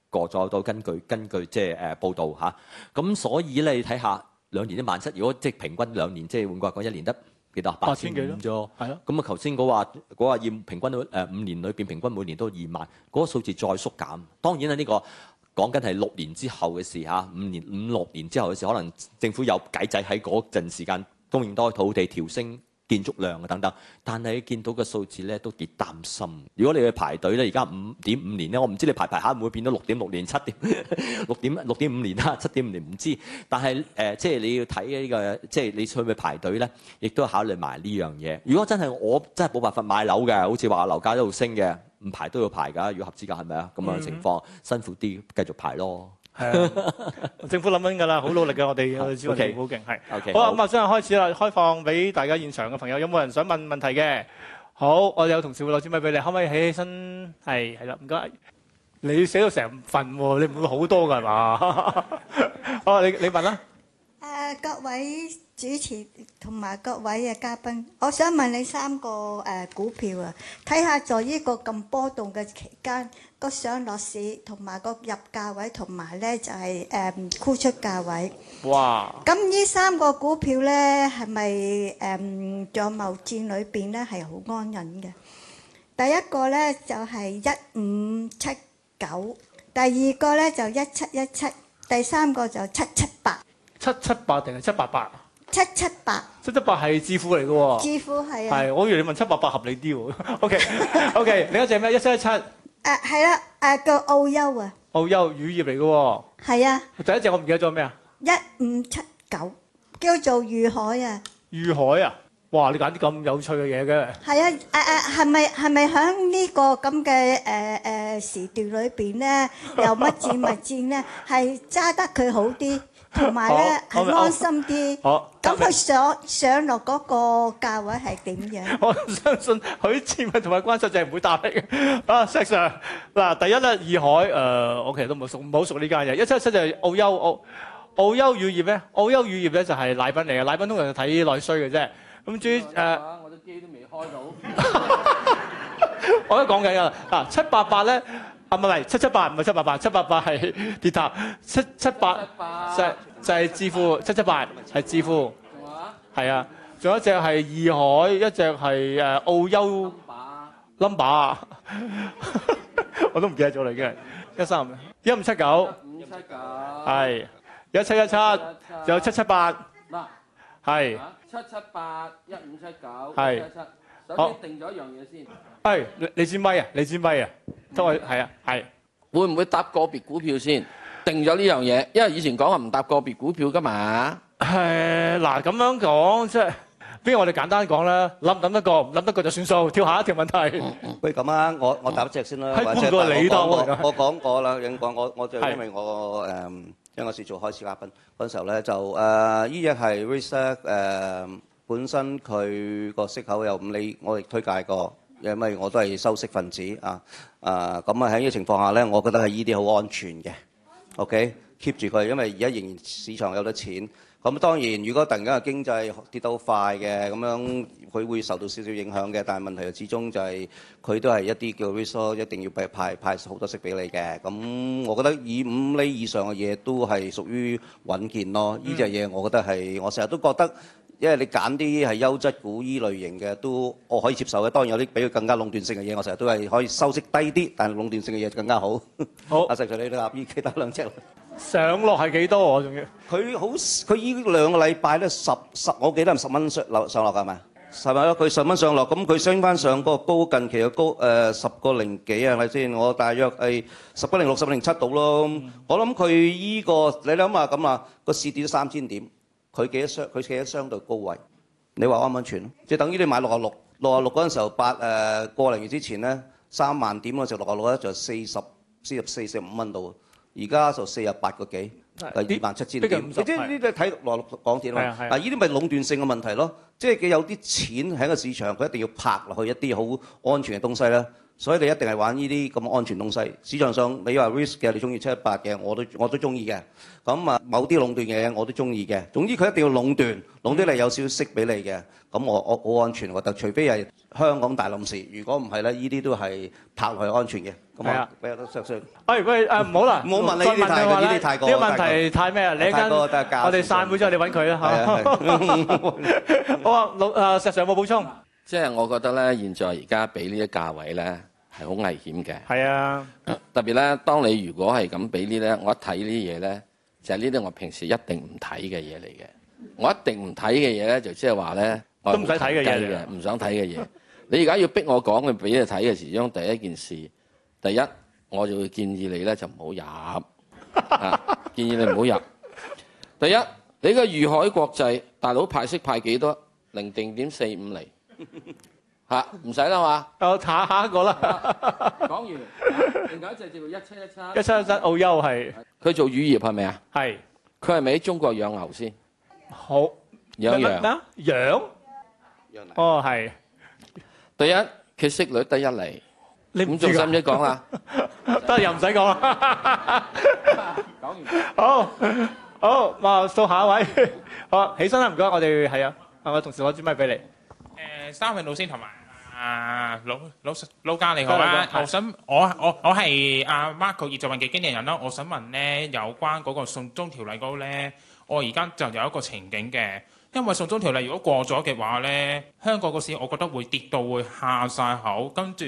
個，再到根據根據即係誒報道嚇，咁、啊、所以你睇下兩年一萬七，如果即係平均兩年即係換句話講，一年得幾多啊？八千 8, 5, 幾咯，係咯的。咁啊、嗯，頭先嗰話嗰話要平均誒五、呃、年裏邊平均每年都二萬，嗰、那個數字再縮減。當然啦、啊，呢、這個講緊係六年之後嘅事嚇，五、啊、年五六年之後嘅事，可能政府有計仔喺嗰陣時間供應多土地調升。建築量啊等等，但係你見到嘅數字咧都幾擔心。如果你去排隊咧，而家五點五年咧，我唔知你排排下會唔會變到六點六年七點六點六點五年啦，七點五年唔知。但係誒，即係你要睇呢個，即係你去唔去排隊咧，亦都考慮埋呢樣嘢。如果真係我真係冇辦法買樓嘅，好似話樓價一路升嘅，唔排都要排㗎。如果合資格係咪啊？咁樣嘅情況、嗯、辛苦啲，繼續排咯。係啊， 政府諗緊㗎啦，好努力嘅，我哋好資本政好勁，係。好啊，咁啊，真係開始啦，開放俾大家現場嘅朋友，有冇人想問問題嘅？好，我哋有同事會攞支咪俾你，可唔可以起起身？係係啦，唔該。你寫到成份喎，你唔會好多㗎係嘛？哦，你你問啦。誒，uh, 各位。主持同埋各位嘅嘉賓，我想問你三個誒股票啊，睇下在呢個咁波動嘅期間，個上落市同埋個入價位同埋咧就係誒沽出價位。哇！咁呢三個股票咧係咪誒在貿戰裏邊咧係好安穩嘅？第一個咧就係一五七九，第二個咧就一七一七，第三個就七七八。七七八定係七八八？七七八，七七八係置富嚟嘅喎，置富係啊，係我以為你問七八八合理啲喎，OK OK，另一隻咩？一七一七，誒係啦，誒叫澳優啊，澳優乳業嚟嘅喎，係啊，第一隻我唔記得咗咩啊？一五七九叫做頤海啊，頤海啊，哇！你揀啲咁有趣嘅嘢嘅，係啊誒誒，係咪係咪響呢個咁嘅誒誒時段裏邊咧？又乜戰物戰咧？係揸得佢好啲。同埋咧係安心啲，咁佢上上落嗰個價位係點樣？我相信許智文同埋關焯照唔會搭理嘅。啊，石 Sir，嗱，第一咧，二海誒、呃，我其實都唔熟，唔係好熟歐歐歐歐呢間嘢。一七七就係澳優澳，澳優乳業咧，澳優乳業咧就係奶粉嚟嘅，奶粉通常就睇內需嘅啫。咁至於誒，我都機都未開到， 我都講講緊㗎啦。嗱，七八八咧。啊唔係，七七八唔係七八八，七八八係跌塌，七七八，就就係致富，七七八係致富，係啊，仲有一隻係二海，一隻係誒澳優，number，我都唔記得咗啦，已經，一三，一五七九，五七九，係，一七一七，有七七八，嗱，係，七七八一五七九一七七，首先定咗一樣嘢先，係，你支咪啊，你支咪啊。都係係啊，係會唔會搭個別股票先？定咗呢樣嘢，因為以前講話唔搭個別股票㗎嘛。係，嗱咁樣講，即係不如我哋簡單講啦，諗唔諗得過？唔諗得過就算數，跳下一條問題。不如咁啦，我我答隻先啦。喺半個你度，我講過啦。應講我我就因為我誒，因為我先做開始嘉賓嗰陣時候咧，就誒呢隻係 research 誒本身佢個息口又唔理，我亦推介過。因為我都係收息分子啊，啊咁啊喺呢個情況下咧，我覺得係呢啲好安全嘅全，OK keep 住佢，因為而家仍然市場有得錢。咁當然，如果突然間經濟跌到快嘅，咁樣佢會受到少少影響嘅。但係問題就始終就係佢都係一啲叫 resort，一定要派派派好多息俾你嘅。咁我覺得以五厘以上嘅嘢都係屬於穩健咯。呢隻嘢我覺得係我成日都覺得。因為你揀啲係優質股依類型嘅都我可以接受嘅，當然有啲比佢更加壟斷性嘅嘢，我成日都係可以收息低啲，但係壟斷性嘅嘢更加好。好，阿石 Sir 你答依，記得兩隻。上落係幾多啊？仲要佢好？佢依兩個禮拜咧十十，我記得係十蚊上上落係咪？係咪啊？佢十蚊上落，咁佢升翻上嗰個高近期嘅高，誒十個零幾係咪先？我大約係十個零六、十個零七到咯。我諗佢依個你諗啊，咁啊個市跌三千點。佢幾多相？佢企喺相對高位，你話安唔安全咧？即係等於你買六十六，六十六嗰陣時候八誒、呃、過零月之前咧三萬點嗰陣時候，六十六咧就四十、四十四、四十五蚊度，而家就四十八個幾，二萬七千點。不你即係呢啲睇六十六港鐵啊，但呢啲咪壟斷性嘅問題咯？即係佢有啲錢喺個市場，佢一定要拍落去一啲好安全嘅東西咧。所以你一定係玩依啲咁安全東西。市場上你話 risk 嘅，你中意七百八嘅，我都我都中意嘅。咁啊，某啲壟斷嘅我都中意嘅。總之佢一定要壟斷，壟斷你有少少息俾你嘅。咁我我好安全，我覺得。但除非係香港大冧市，如果唔係咧，依啲都係拍來安全嘅。係啊，俾阿石石。誒喂誒，唔好啦，唔好問你呢啲太過，呢啲太過，呢啲問題太咩啊？你跟我哋散會之後，你揾佢啦嚇。好啊，老誒石 Sir 有冇補充？即係我覺得呢，現在而家俾呢啲價位呢係好危險嘅。係啊，特別呢，當你如果係咁俾呢呢，我一睇呢啲嘢呢，就係呢啲我平時一定唔睇嘅嘢嚟嘅。我一定唔睇嘅嘢呢，就即係話呢，唔使睇嘅嘢。唔想睇嘅嘢，你而家要逼我講佢俾你睇嘅時候，中第一件事，第一我就會建議你呢，就唔好入，建議你唔好入。 第一，你個御海國際大佬派息派幾多？零定點四五釐。吓，唔使啦嘛，我查下一個啦。講完，唔夠一隻就一七一七，一七一七。澳優係，佢做乳業係咪啊？係，佢係咪喺中國養牛先？好，養羊，養，養奶。哦，係，第一佢息率低一厘，咁仲使唔使講啦？得又唔使講啦。講完，好好，我數下一位，好起身啦，唔該，我哋係啊，我同事攞支咪俾你。三位老師同埋阿老老老家你好啊！我想我我我係阿 Marco 葉作運嘅經理人咯。我想問咧有關嗰個送中條例嗰個咧，我而家就有一個情景嘅，因為送中條例如果過咗嘅話咧，香港個市我覺得會跌到會下晒口，跟住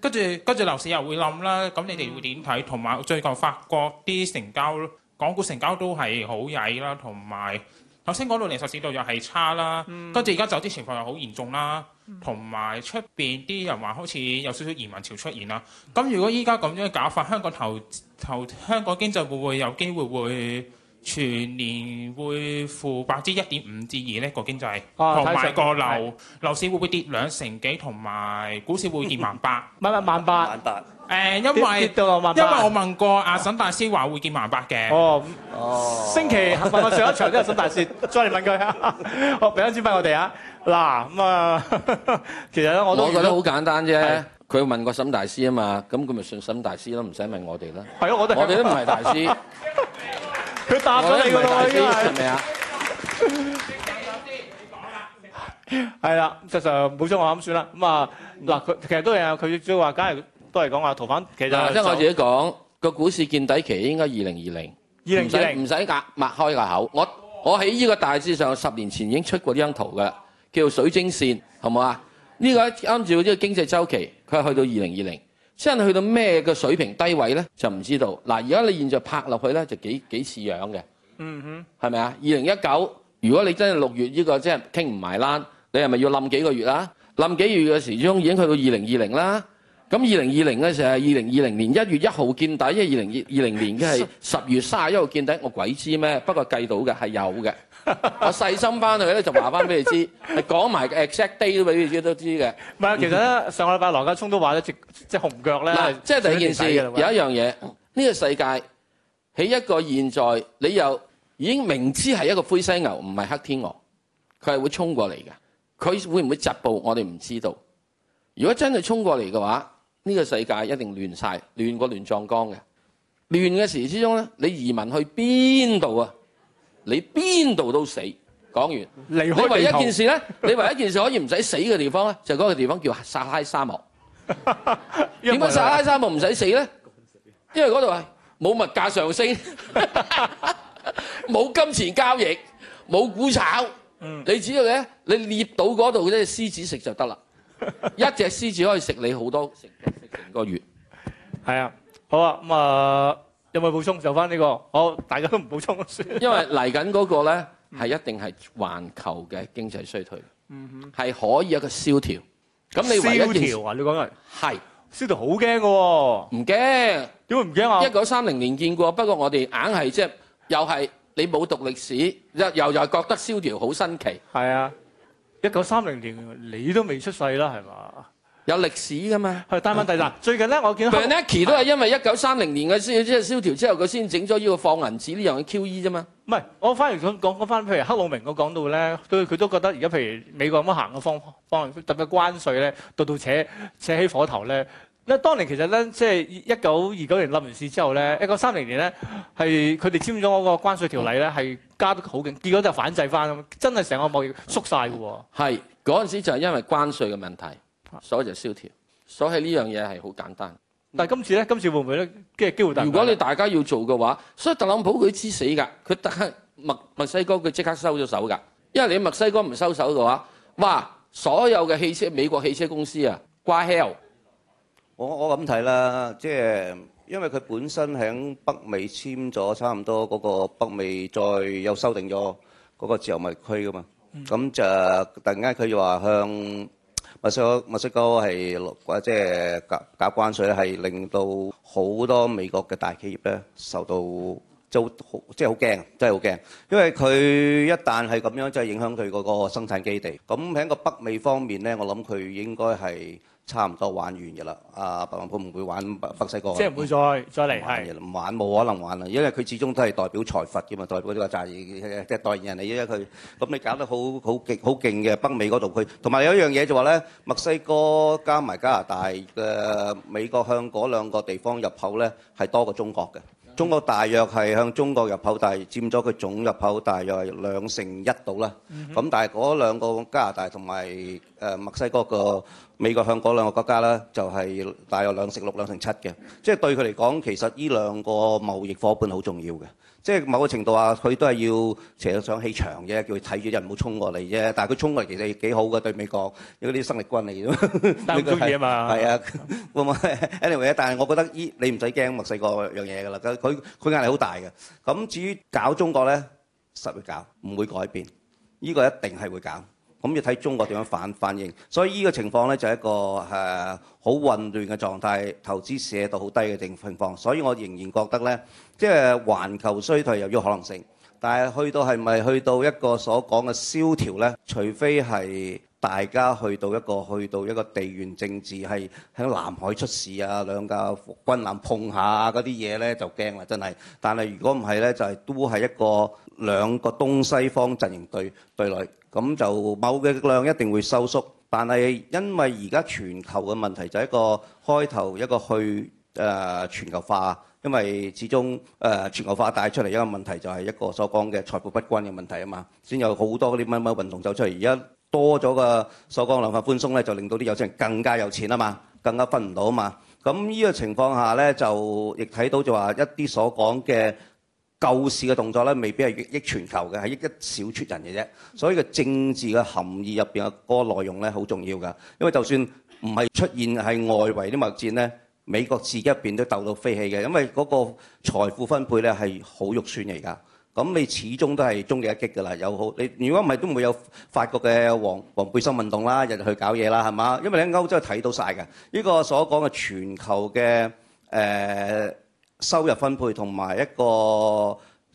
跟住跟住樓市又會冧啦。咁你哋會點睇？同埋、嗯、最近發覺啲成交，港股成交都係好曳啦，同埋。頭先講到零售市道又係差啦，跟住而家走資情況又好嚴重啦，同埋出邊啲人話開始有少少移民潮出現啦。咁、嗯、如果依家咁樣嘅搞法，香港投投香港經濟會唔會有機會會全年會負百分之一點五至二呢？個經濟同埋、哦、個樓樓市會唔會跌兩成幾？同埋股市會跌 萬八？唔係萬八？萬八？萬八？誒，因為因為我問過阿沈大師話會見萬百嘅。哦，星期問我上一場都係沈大師再來，再嚟問佢啊！我俾啲知識我哋啊！嗱，咁啊，其實咧我覺我覺得好簡單啫。佢問過沈大師啊嘛，咁佢咪信沈大師咯，唔使問我哋啦。係啊，我都，我哋都唔係大師。佢答咗你㗎啦，已經啊。係啦，就就冇咗我咁算啦。咁麼啊，嗱，佢、嗯、其實都係佢主要話，梗係。都係講話逃犯其實。嗱、啊，即係我自己講，個股市見底期應該二零二零。二零二零唔使壓，擘開個口。我我喺呢個大致上，十年前已經出過呢張圖嘅，叫做水晶線，好冇啊？呢、這個啱照呢個經濟周期，佢係去到二零二零。即係去到咩嘅水平低位咧，就唔知道。嗱，而家你現在拍落去咧，就幾幾似樣嘅。嗯哼。係咪啊？二零一九，如果你真係六月呢、這個即係傾唔埋啦，你係咪要冧幾個月啊？冧幾月嘅時鐘已經去到二零二零啦。咁二零二零咧就係二零二零年一月一號見底，因為二零二二零年嘅係十月三十一號見底， 我鬼知咩？不過計到嘅係有嘅，我細心翻去咧就話翻俾你知，係講埋 exact day 都俾你知都知嘅。唔係啊，其實呢、嗯、哼上個禮拜羅家聰都話咗只只紅腳咧。即係第二件事，有一樣嘢，呢、嗯、個世界喺一個現在，你又已經明知係一個灰犀牛，唔係黑天鵝，佢係會衝過嚟嘅。佢會唔會疾步，我哋唔知道。如果真係衝過嚟嘅話，呢個世界一定亂曬，亂過亂葬崗嘅。亂嘅時之中咧，你移民去邊度啊？你邊度都死。講完，你唯一件事咧，你唯一件事可以唔使死嘅地方咧，就係嗰個地方叫撒哈拉沙漠。點解撒哈拉沙漠唔使死咧？因為嗰度係冇物價上升，冇金錢交易，冇股炒。嗯，你只要咧，你獵到嗰度啲獅子食就得啦。 一隻獅子可以食你好多，食成個月，係 啊，好啊，咁、嗯、啊有冇補充就翻呢個？好，大家都唔補充。因為嚟緊嗰個咧係、嗯、一定係環球嘅經濟衰退，係、嗯、哼可以有一個蕭條。咁你唯一一件事啊，你講係係蕭條好驚喎？唔驚是？點會唔驚啊？一九三零年見過，不過我哋硬係即係又係你冇讀歷史，又又又覺得蕭條好新奇。係啊。一九三零年你都未出世啦，係嘛？有歷史噶嘛？係，但問題，嗱，最近咧，我見到，Bernanke 都係因為一九三零年嘅 消，即係蕭條之後，佢先整咗呢個放銀紙呢樣嘅 QE 啫嘛。唔係，我反而講講講翻，譬如克魯明我講到咧，佢佢都覺得而家譬如美國咁行嘅方方案，特別關稅咧，到到扯扯起火頭咧。咧，當年其實咧，即係一九二九年冧完市之後咧，一九三零年咧，係佢哋簽咗嗰個關稅條例咧，係加得好勁，結果就反制翻咁，真係成個貿易縮晒嘅喎。係嗰陣時就係因為關稅嘅問題，所以就蕭條，所以呢樣嘢係好簡單的。但係今次咧，今次會唔會咧，即係機會大？如果你大家要做嘅話，所以特朗普佢知死㗎，佢特墨墨西哥佢即刻收咗手㗎，因為你墨西哥唔收手嘅話，哇，所有嘅汽車美國汽車公司啊，瓜嗨！我我咁睇啦，即係因為佢本身喺北美簽咗差唔多嗰個北美，再又修訂咗嗰個自由貿易區噶嘛。咁就突然間佢又話向墨西哥墨西哥係落，即係搞搞關稅，係令到好多美國嘅大企業咧，受到就即係好驚，真係好驚。因為佢一旦係咁樣，就係影響佢嗰個生產基地。咁喺個北美方面咧，我諗佢應該係。差唔多玩完嘅啦，阿白雲哥唔會玩北墨西哥，即係唔會再再嚟，係唔玩，冇可能玩啦，因為佢始終都係代表財閥嘅嘛，代表嗰啲個債嘅即係代言人嚟嘅佢，咁你搞得好好極好勁嘅北美嗰度。佢同埋有一樣嘢就話咧，墨西哥加埋加拿大嘅美國向嗰兩個地方入口咧係多過中國嘅。中國大約係向中國入口，大約佔咗佢總入口，大約又兩成一度啦。咁、嗯、哼但係嗰兩個加拿大同埋墨西哥個美國向嗰兩個國家就係大約兩成六、兩成七嘅。即、就、係、是、對佢嚟講，其實這兩個貿易伙伴好重要嘅。即係某個程度啊，佢都係要成日想起場嘅，叫佢睇住人唔好衝過嚟啫。但係佢衝過嚟其實幾好嘅，對美國有啲生力軍嚟嘅，擔心嘢嘛。係啊，會唔會 anyway，但係我覺得依你唔使驚，墨西哥樣嘢㗎啦。佢佢壓力好大嘅。咁至於搞中國咧，實會搞，唔會改變。呢、呢個一定係會搞。咁要睇中國點樣反反應，所以呢個情況呢就係一個呃好混亂嘅狀態，投資寫到好低嘅情況，所以我仍然覺得呢，即係環球衰退有咗可能性，但係去到係咪去到一個所講嘅蕭條呢？除非係。大家去到一個去到一個地緣政治係喺南海出事啊，兩架軍艦碰下嗰啲嘢咧就驚啦，真係。但係如果唔係咧，就係都係一個兩個東西方陣營對對壘，咁就某嘅力量一定會收縮。但係因為而家全球嘅問題就係一個開頭一個去誒全球化，因為始終誒全球化帶出嚟一個問題就係一個所講嘅財富不均嘅問題啊嘛，先有好多嗰啲乜乜運動走出嚟，而家。多咗個所講量化寬鬆咧，就令到啲有錢人更加有錢啊嘛，更加分唔到啊嘛。咁呢個情況下咧，就亦睇到就話一啲所講嘅救市嘅動作咧，未必係益全球嘅，係益一小撮人嘅啫。所以個政治嘅含義入邊嘅嗰個內容咧，好重要㗎。因為就算唔係出現係外圍啲貿戰咧，美國自己入邊都鬥到飛起嘅，因為嗰個財富分配咧係好肉酸嚟㗎。咁你始終都係中極一擊㗎啦，有好你如果唔係都唔會有法國嘅黃黃背心運動啦，日日去搞嘢啦，係嘛？因為喺歐洲睇到晒嘅，呢、這個所講嘅全球嘅誒、呃、收入分配同埋一個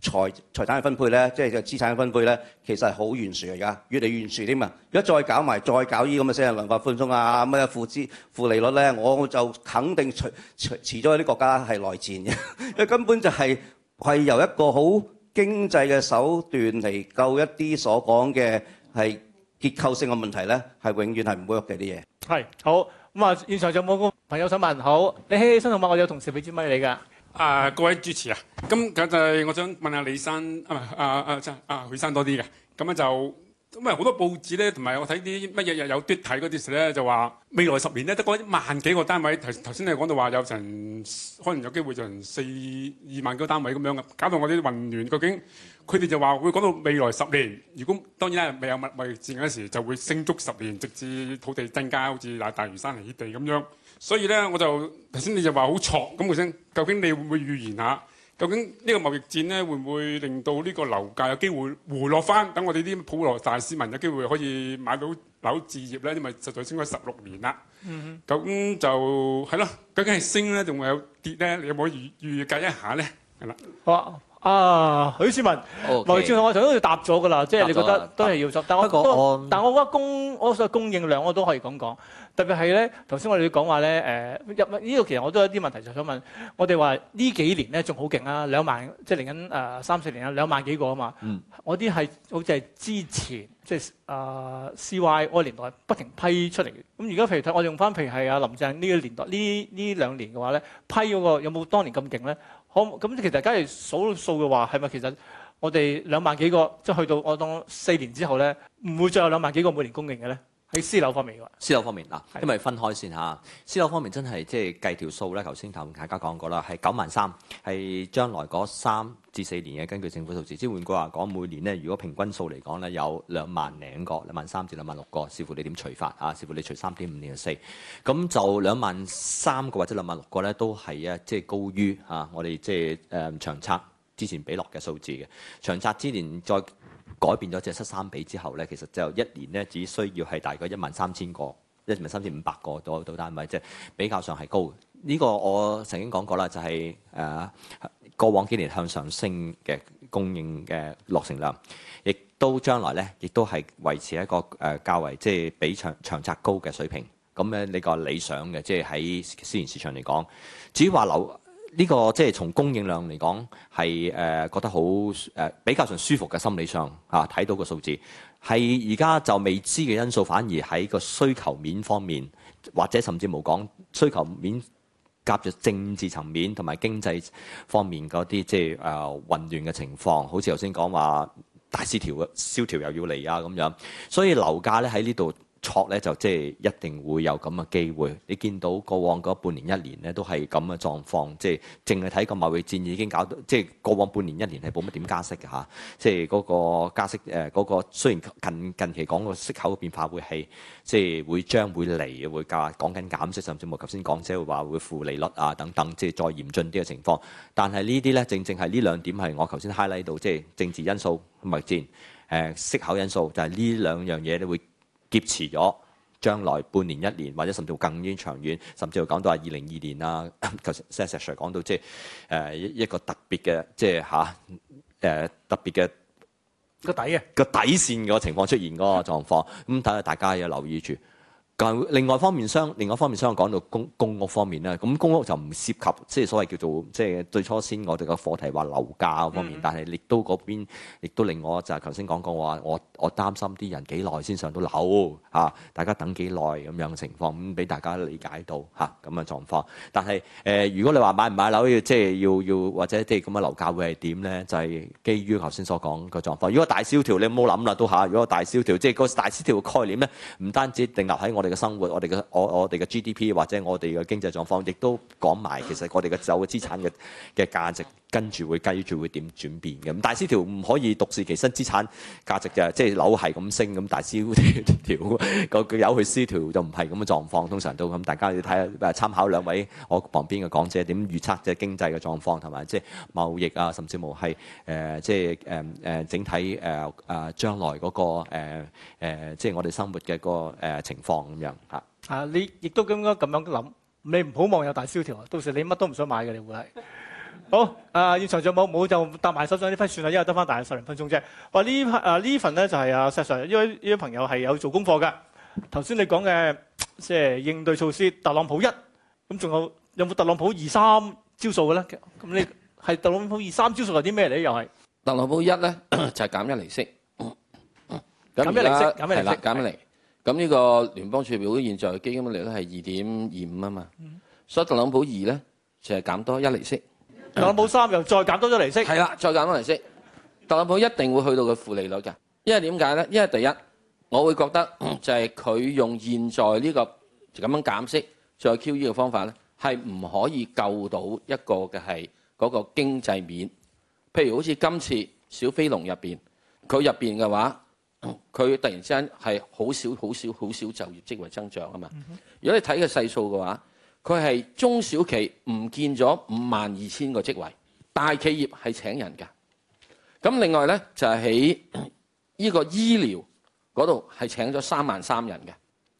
財財，財產嘅分配咧，即係資產嘅分配咧，其實係好懸殊㗎，越嚟越懸殊添啊！如果再搞埋再搞呢咁嘅私人銀化放鬆啊，咩負資負利率咧，我就肯定除除遲早有啲國家係內戰嘅，因為根本就係、是、係由一個好。經濟嘅手段嚟救一啲所講嘅係結構性嘅問題咧，係永遠係唔會喐嘅啲嘢。係好咁啊！現場仲有冇個朋友想問好？你起，起身同埋我有同事俾支咪你㗎。啊、呃，各位主持啊，咁簡直我想問，問下李生、呃、啊啊啊啊許生多啲嘅，咁樣就。咁啊，好多報紙咧，同埋我睇啲乜嘢有有啲睇嗰啲事咧，就話未來十年咧，得嗰一萬幾個單位。頭頭先你講到話有成，可能有機會就成四二萬幾個單位咁樣嘅，搞到我啲混亂。究竟佢哋就話會講到未來十年，如果當然啦，未有物未字嗰時就會升足十年，直至土地增加，好似嗱大嶼山嚟啲地咁樣。所以咧，我就頭先你就話好錯咁，佢先究竟你會唔會預言一下？究竟呢個貿易戰咧，會唔會令到呢個樓價有機會回落翻？等我哋啲普羅大市民有機會可以買到樓置業咧？因為實在升咗十六年啦。嗯哼、mm，咁、hmm. 就係咯，究竟係升咧，仲會有跌咧？你有冇預預計一下咧？係啦。好。Wow. 啊，許智文，Okay. 我頭先都答咗㗎啦，即係你覺得都係要縮，答但係我但我，嗯、但我覺得供我想供應量，我都可以講講。特別係咧，頭先我哋講話咧，誒入呢個其實我都有啲問題就想問。我哋話呢幾年咧仲好勁啊，兩萬即係嚟緊誒三四年啊，兩萬幾個啊嘛。嗯、我啲係好似係之前即係啊 CY 嗰年代不停批出嚟，咁而家譬如我用翻譬如係啊林鄭呢個年代呢呢兩年嘅話咧，批嗰個有冇當年咁勁咧？好咁，其實假如數數嘅話，係咪其實我哋兩萬幾個，即係去到我當四年之後呢，唔會再有兩萬幾個每年供應嘅呢？喺私樓方面，私樓方面嗱，的因為分開先嚇，私樓方面真係即係計條數咧。頭先同大家講過啦，係九萬三，係將來嗰三至四年嘅根據政府數字。即係換句話講，每年咧，如果平均數嚟講咧，有兩萬零個、兩萬三至兩萬六個，視乎你點除法嚇、啊，視乎你除三點五年定四。咁就兩萬三個或者兩萬六個咧，都係、就是、啊，即係高於嚇我哋即係誒長策之前俾落嘅數字嘅長策之年再。改變咗即七三比之後咧，其實就一年咧只需要係大概一萬三千個、一萬三千五百個到到單位，即係比較上係高。呢個我曾經講過啦，就係誒過往幾年向上升嘅供應嘅落成量，亦都將來咧，亦都係維持一個誒較為即係比長長則高嘅水平。咁咧，你個理想嘅即係喺私人市場嚟講，至於話樓。呢、這個即係從供應量嚟講係誒覺得好誒、呃、比較上舒服嘅心理上嚇睇、啊、到個數字，係而家就未知嘅因素，反而喺個需求面方面，或者甚至冇講需求面夾着政治層面同埋經濟方面嗰啲即係誒混亂嘅情況，好似頭先講話大蕭條嘅蕭條又要嚟啊咁樣，所以樓價咧喺呢度。錯咧就即係一定會有咁嘅機會。你見到過往嗰半年一年咧都係咁嘅狀況，即係淨係睇個貿易戰已經搞到，即係過往半年一年係冇乜點加息嘅嚇。即係嗰個加息誒嗰個雖然近近期講個息口嘅變化會係即係會將會嚟，會加講緊減息，甚至乎頭先講即係話會負利率啊等等，即係再嚴峻啲嘅情況。但係呢啲咧正正係呢兩點係我頭先 highlight 到，即係政治因素貿戰誒息口因素，就係呢兩樣嘢都會劫持咗，將來半年一年，或者甚至乎更遠長遠，甚至乎講到啊二零二年啊，頭先石 Sir 講到即係誒一一個特別嘅即係嚇誒特別嘅個底嘅個底線嘅情況出現嗰個狀況，咁睇下大家要留意住。另外一方面相，另外一方面相，講到公公屋方面咧，咁公屋就唔涉及，即係所謂叫做即係最初先我哋個課題話樓價方面，嗯、但係亦都嗰邊，亦都令我就係頭先講過話，我我擔心啲人幾耐先上到樓吓，大家等幾耐咁樣嘅情況，咁俾大家理解到吓咁嘅狀況。但係誒、呃，如果你話買唔買樓，要即係要要或者即係咁嘅樓價會係點咧？就係、是、基於頭先所講嘅狀況，如果大蕭條，你冇諗啦都吓，如果大蕭條，即係個大蕭條嘅概念咧，唔單止定立喺我。我哋嘅生活，我哋嘅我我哋嘅 GDP 或者我哋嘅經濟狀況，亦都講埋。其實我哋嘅所有資產嘅嘅價值。跟住會繼續會點轉變嘅，咁大蕭條唔可以獨善其身，資產價值嘅，即係樓係咁升，咁大蕭條個佢有佢蕭條就唔係咁嘅狀況，通常都咁。大家要睇下，誒參考兩位我旁邊嘅講者點預測即係經濟嘅狀況，同埋即係貿易啊，甚至乎係誒即係誒誒整體誒啊將來嗰個誒誒即係我哋生活嘅個誒情況咁樣嚇嚇。你亦都應該咁樣諗，你唔好望有大蕭條啊！到時你乜都唔想買嘅，你會係。好啊！現場仲有冇冇就搭埋手掌呢？批算啦，因為得翻大約十零分鐘啫。話、呃、呢批、就是、啊呢份咧就係石 Sir，因為呢位朋友係有做功課嘅。頭先你講嘅即係應對措施，特朗普一咁仲有有冇特朗普二三招數嘅咧？咁你係特朗普二三招數係啲咩嚟？又係特朗普一咧 就係減一厘息，減、嗯、一厘息，減一厘？息，減一厘？咁呢是個聯邦儲備會現在嘅基金利率咧係二點二五啊嘛，嗯、所以特朗普二咧就係、是、減多一厘息。特朗普三又再減多咗利息，係啦，再減多利息。特朗普一定會去到個負利率㗎，因為點解呢？因為第一，我會覺得就係、是、佢用現在呢、這個咁樣減息再 QE 嘅方法呢，係唔可以救到一個嘅係嗰個經濟面。譬如好似今次小非農入面，佢入面嘅話，佢突然之間係好少、好少、好少就業職位增長啊嘛。嗯、哼如果你睇個細數嘅話，佢係中小企唔見咗五萬二千個職位，大企業係請人㗎。咁另外咧就係喺呢個醫療嗰度係請咗三萬三人嘅。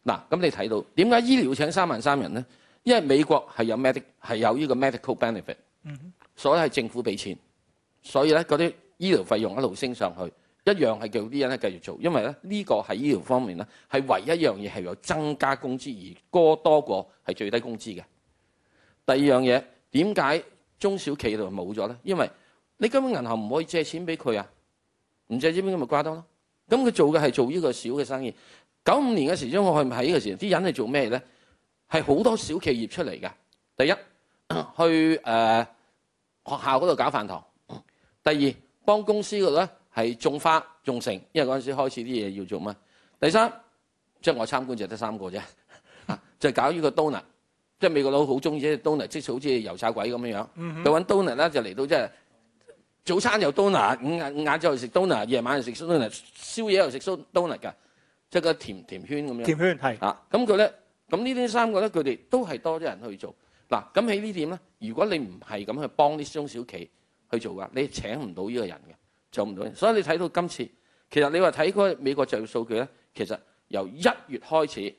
嗱，咁你睇到點解醫療請三萬三人咧？因為美國係有 medical 係有依個 medical benefit，所以係政府俾錢，所以咧嗰啲醫療費用一路升上去。一樣係叫啲人咧繼續做，因為咧呢、呢個喺醫療方面咧係唯一一樣嘢係有增加工資而過多過係最低工資嘅。第二樣嘢點解中小企業冇咗咧？因為你根本銀行唔可以借錢俾佢啊，唔借呢邊咁咪掛多咯。咁佢做嘅係做呢個小嘅生意。九五年嘅時鐘我去唔係呢個時？啲人係做咩咧？係好多小企業出嚟嘅。第一去誒、呃、學校嗰度搞飯堂，第二幫公司嗰咧。係種花種成，因為嗰陣時開始啲嘢要做嘛。第三，即、就、係、是、我參觀就得三個啫，啊， 就係搞呢個 donut，即係美國佬好中意呢個 donut，即係好似油炸鬼咁樣樣。佢揾 donut 啦，就嚟到即係、就是、早餐又 donut、嗯、午午晏就食 donut、嗯、夜晚又食 donut，宵夜又食蘇 donut 㗎。即係個甜甜圈咁樣。甜圈係啊，咁佢咧，咁呢啲三個咧，佢哋都係多啲人去做。嗱、啊，咁喺呢點咧，如果你唔係咁去幫啲中小企去做㗎，你係請唔到呢個人嘅。做唔到，所以你睇到今次，其實你話睇嗰個美國就業數據咧，其實由一月開始嗰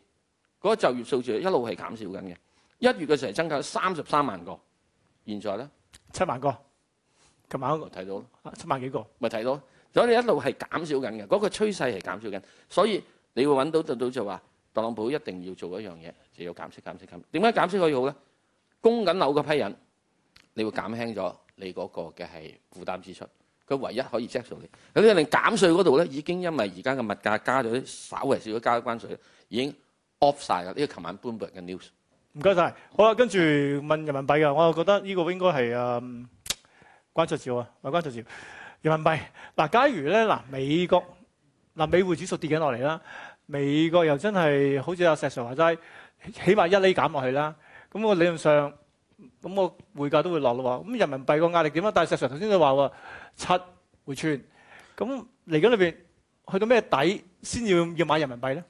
個就業數字一路係減少緊嘅。一月嘅時候增加咗三十三萬個，現在咧七萬個，琴晚嗰個睇到七萬幾個，咪睇到囉，所以你一路係減少緊嘅，嗰個趨勢係減少緊。所以你會揾到就到就話，特朗普一定要做一樣嘢，就要減息減息減。點解減息可以好咧？供緊樓嗰批人，你會減輕咗你嗰個嘅係負擔支出。佢唯一可以 check 到你，有啲人減稅嗰度咧，已經因為而家嘅物價加咗，稍微少咗加咗關稅，已經 off 曬啦。呢個琴晚彭博嘅 news。唔該曬，好啦，跟住問人民幣嘅，我覺得呢個應該係嗯關焯照啊，唔係關焯照。人民幣嗱，假如咧嗱美國嗱美匯指數跌緊落嚟啦，美國又真係好似阿石 Sir 話齋，起碼一厘減落去啦，咁我理論上。咁我匯價都會落咯喎，咁人民幣個壓力點啊？但係石 Sir 頭先都話喎，七會穿，咁嚟緊裏邊去到咩底先要要買人民幣咧？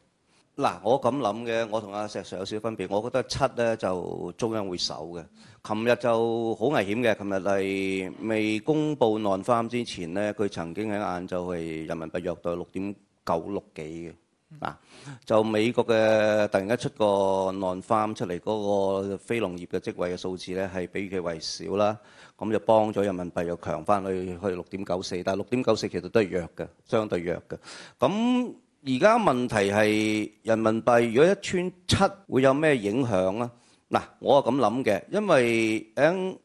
嗱，我咁諗嘅，我同阿石 Sir 有少少分別，我覺得七咧就中央會守嘅。琴日就好危險嘅，琴日係未公布岸三之前咧，佢曾經喺晏晝係人民幣弱到六點九六幾嘅。嗱，嗯、就美國嘅突然間出個 non-farm 出嚟嗰個非農業嘅職位嘅數字咧，係比佢為少啦，咁就幫咗人民幣又強翻去去六點九四，但係六點九四其實都係弱嘅，相對弱嘅。咁而家問題係人民幣如果一穿七會有咩影響啊？嗱，我係咁諗嘅，因為響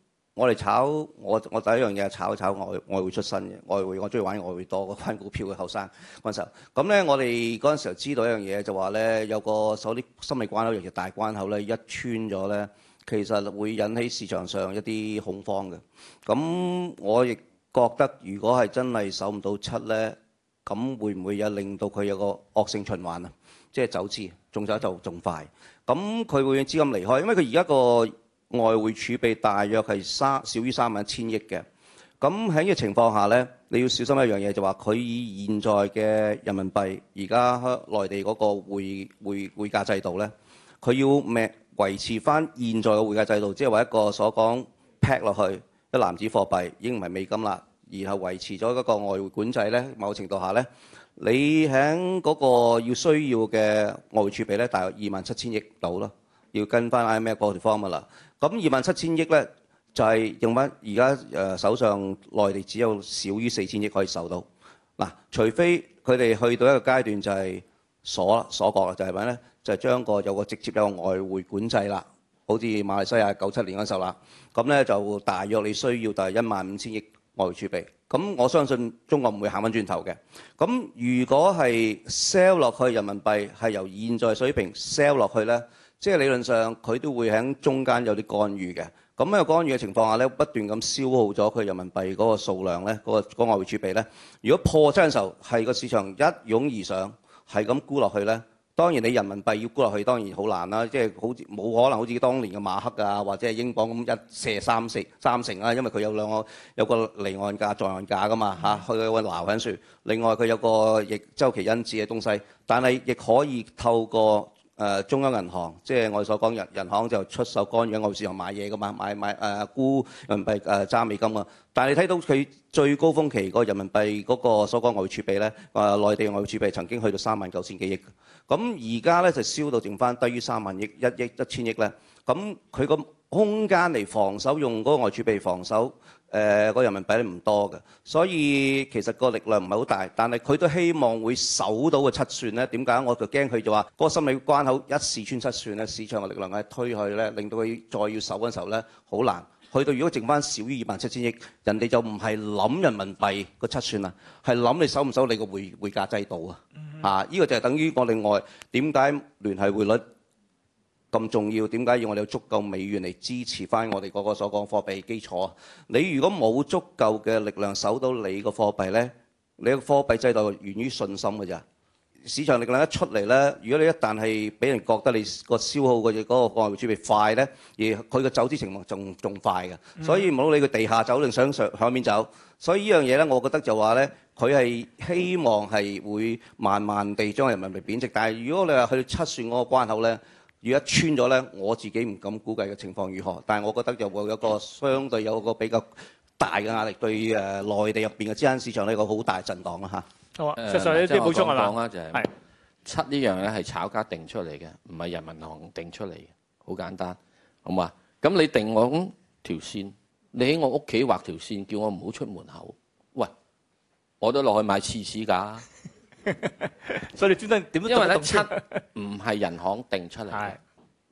我哋炒我我第一樣嘢係炒一炒外外匯出身嘅外匯，我中意玩外匯多嗰班股票嘅後生嗰陣時候，咁咧，我哋嗰陣時候知道一樣嘢，就話、是、咧有個守啲心理關口，尤其大關口咧一穿咗咧，其實會引起市場上一啲恐慌嘅。咁我亦覺得，如果係真係守唔到七咧，咁會唔會有令到佢有個惡性循環啊？即係走資，仲走就仲快。咁佢會資金離開，因為佢而家個。外匯儲備大約係三少於三萬一千億嘅，咁喺呢個情況下咧，你要小心一樣嘢，就話佢以現在嘅人民幣而家內地嗰個匯匯匯價制度咧，佢要咩維持翻現在嘅匯價制度，即係話一個所講劈落去一籃子貨幣已經唔係美金啦，然後維持咗嗰個外匯管制咧。某程度下咧，你喺嗰個要需要嘅外匯儲備咧，大約二萬七千億到咯，要跟翻 IMF 嗰個地方噶啦。咁二萬七千億咧，就係用翻而家手上內地只有少於四千億可以收到。嗱，除非佢哋去到一個階段就就，就係鎖鎖國啦，就係咩咧？就係將個有個直接有個外匯管制啦，好似馬來西亞九七年嗰時候啦。咁咧就大約你需要就係一萬五千億外匯儲備。咁我相信中國唔會行翻轉頭嘅。咁如果係 sell 落去人民幣係由現在水平 sell 落去咧？即係理論上佢都會喺中間有啲干預嘅，咁喺有干預嘅情況下咧，不斷咁消耗咗佢人民幣嗰個數量咧，嗰、嗰個外匯儲備咧。如果破嗰陣時候係個市場一湧而上，係咁沽落去咧，當然你人民幣要沽落去，當然好難啦、啊。即係好似冇可能好似當年嘅馬克啊，或者係英鎊咁一射三成三成啦、啊，因為佢有兩個有個離岸價、岸價啊、在岸價噶嘛佢有嗰個鬧緊樹。另外佢有個逆周期因子嘅東西，但係亦可以透過。誒、呃、中央銀行，即係我所講人銀行就出手干預，喺外市場買嘢嘅嘛，買買誒沽、呃、人民幣誒、呃、揸美金啊。但係你睇到佢最高峰期個人民幣嗰個所講外匯儲備咧，啊、呃、內地外匯儲備曾經去到三萬九千幾億，咁而家呢，就燒到剩返低於三萬億一億一千億呢。咁佢個空間嚟防守用嗰個外儲備防守。誒、呃，嗰個人民幣唔多嘅，所以其實個力量唔係好大，但係佢都希望會守到個七算咧。點解我就驚佢就話、嗰個心理關口一試穿七算咧，市場嘅力量係推去咧，令到佢再要守嘅時候咧好難。去到如果剩翻少於二萬七千億，人哋就唔係諗人民幣、嗰個七算啦，係諗你守唔守你個匯匯價制度啊。啊，呢個就係等於我另外點解聯繫匯率？咁重要？點解要我哋有足夠美元嚟支持翻我哋嗰個所講貨幣基礎啊？你如果冇足夠嘅力量守到你個貨幣呢，你個貨幣制度源於信心嘅啫。市場力量一出嚟呢，如果你一旦係俾人覺得你個消耗嗰個嗰個外匯儲備快呢，而佢嘅走資情況仲仲快嘅，嗯、所以唔好理佢地下走定想上上面走。所以呢樣嘢呢，我覺得就話、是、呢，佢係希望係會慢慢地將人民幣貶值，但係如果你話去到七算嗰個關口呢。如果穿咗咧，我自己唔敢估計嘅情況如何，但係我覺得就會有一個相對有個比較大嘅壓力，對誒內、呃、地入邊嘅資產市場呢一個好大嘅震盪啦嚇。好啊，實際呢啲補充係咪？七呢樣咧係炒家定出嚟嘅，唔係人民行定出嚟嘅。好簡單，好嘛？咁你定我條線，你喺我屋企畫條線，叫我唔好出門口。喂，我都落去買廁紙㗎。 所以你專登點都因為咧、啊、七唔係人行定出嚟， 是的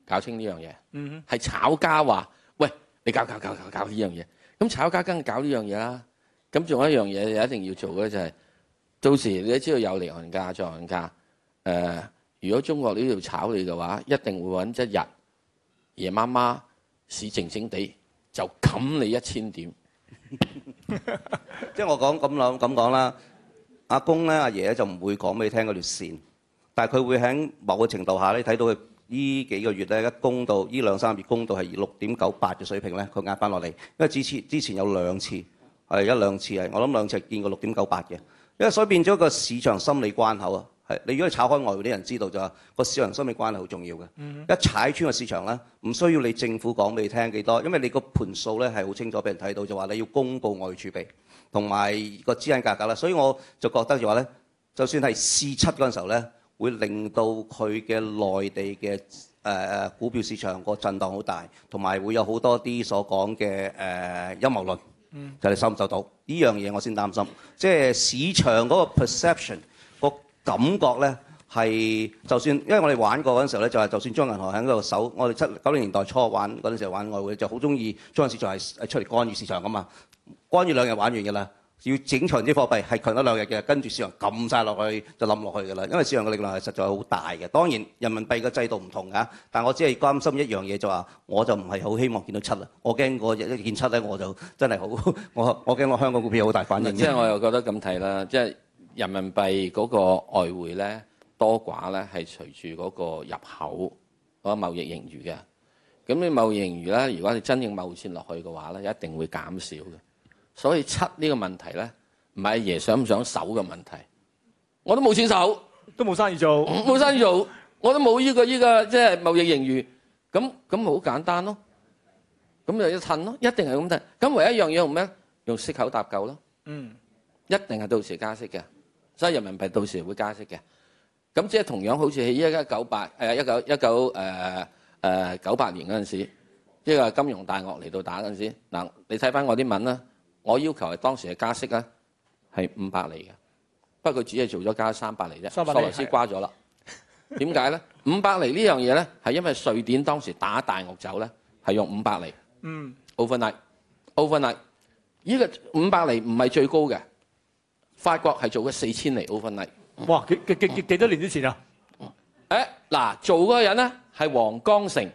搞清呢樣嘢。係、嗯、哼炒家話：，喂，你搞搞搞搞搞呢樣嘢。咁炒家梗係搞呢樣嘢啦。咁仲有一樣嘢，一定要做嘅就係、是，到時你都知道有離岸價、在岸價。誒、呃，如果中國呢度炒你嘅話，一定會搵一日夜媽媽市靜靜地就冚你一千點。即係我講咁諗咁講啦。 阿公呢，阿爺，爺就唔會講俾你聽嗰條線，但佢會喺某個程度下呢睇到呢幾個月呢，一攻到呢兩三個月公到係六點九八嘅水平呢，佢壓返落嚟，因為之前之前有兩次係一兩次係我諗兩次見過六點九八嘅，因為所以變咗個市場心理關口啊。你如果炒開外匯啲人知道就話、是那個人生命、mm hmm. 市場心理關係好重要嘅，一踩穿個市場咧，唔需要你政府講俾你聽幾多，因為你個盤數呢係好清楚俾人睇到、就是，就話你要公布外儲備同埋個資產價格啦。所以我就覺得就話呢，就算係試七嗰陣時候呢，會令到佢嘅內地嘅誒、呃、股票市場個震盪好大，同埋會有好多啲所講嘅誒陰謀論，就、呃 mm hmm. 你收唔收到呢樣嘢，我先擔心，即係市場嗰個 perception。感覺咧係就算，因為我哋玩過嗰陣時候咧，就係就算中銀行喺嗰度守，我哋七九零年代初玩嗰陣時候玩外匯，就好中意中銀市場係出嚟干預市場噶嘛。干預兩日玩完噶啦，要整場啲貨幣係強多兩日嘅，跟住市場撳晒落去就冧落去噶啦。因為市場嘅力量係實在好大嘅。當然人民幣嘅制度唔同啊，但我只係關心一樣嘢，就話我就唔係好希望見到七啦。我驚日一見七咧，我就真係好我我驚我香港股票好大反應嘅。即係我又覺得咁睇啦，即係。人民幣嗰個外匯咧多寡咧係隨住嗰個入口嗰、嗰個貿易盈餘嘅，咁你貿易盈餘咧，如果你真正貿易錢落去嘅話咧，一定會減少嘅。所以七呢個問題咧，唔係阿爺想唔想收嘅問題，我都冇錢收，都冇生意做，冇、嗯、生意做，我都冇依、依個依、依個即係貿易盈餘，咁咁好簡單咯，咁就要趁咯，一定係咁趁。咁唯一一樣嘢用咩？用息口搭救咯。嗯，一定係到時加息嘅。所以人民幣到時會加息嘅，咁即係同樣好似喺一九八誒一九一九誒誒九八年嗰陣時候，即係金融大鱷嚟到打嗰陣時候，嗱，你睇翻我啲文啦，我要求係當時嘅加息啊，係五百厘嘅，不過佢只係做咗加三百厘啫，索羅斯瓜咗啦。點解咧？五 百厘呢樣嘢咧，係因為瑞典當時打大鱷走咧，係用五百厘。嗯。overnight，overnight，依個五百厘唔係最高嘅。法國係做咗四千嚟歐分禮，哇！幾幾幾幾多年之前啊？誒，嗱，做嗰個人咧係黃江城，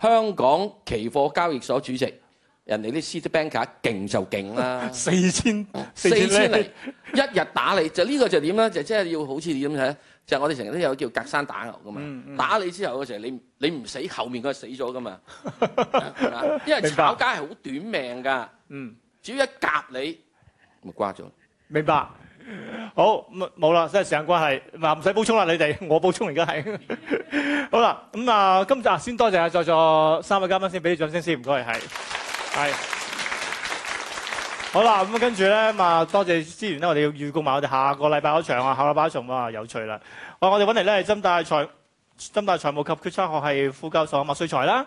香港期貨交易所主席。人哋啲 city banker 勁就勁啦，四千四千嚟，一日打你就呢個就點咧？就即係要好似你咁睇？就我哋成日都有叫隔山打牛噶嘛，打你之後嘅時候，你你唔死，後面佢死咗噶嘛，因為炒家係好短命㗎。嗯，只要一夾你，咪瓜咗。明白，好冇冇啦，真係時間關係，唔使補充啦，你哋我補充而家係好啦，咁啊今集先多謝啊，在座三位嘉賓先畀啲，畀你掌聲先，唔該，係係好啦，咁跟住呢，多謝資源呢我哋要預告埋我哋下個禮拜嗰場啊，下個禮拜嗰場有趣啦，我我哋搵嚟呢係浸大財浸大財務及決策學系副教授麥瑞才啦。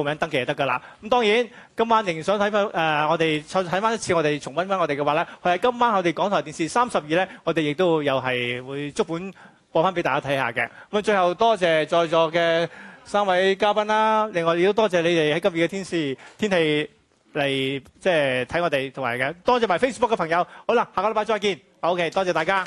報名登記就得噶啦。咁當然，今晚仍然想睇翻誒，我哋再睇翻一次，我哋重溫翻我哋嘅話咧。係今晚我哋港台電視三十二咧，我哋亦都又係會足本播翻俾大家睇下嘅。咁啊，最後多謝在座嘅三位嘉賓啦。另外亦都多謝你哋喺今日嘅天時天氣嚟即係睇我哋同埋嘅，多謝埋 Facebook 嘅朋友。好啦，下個禮拜再見。OK，多謝大家。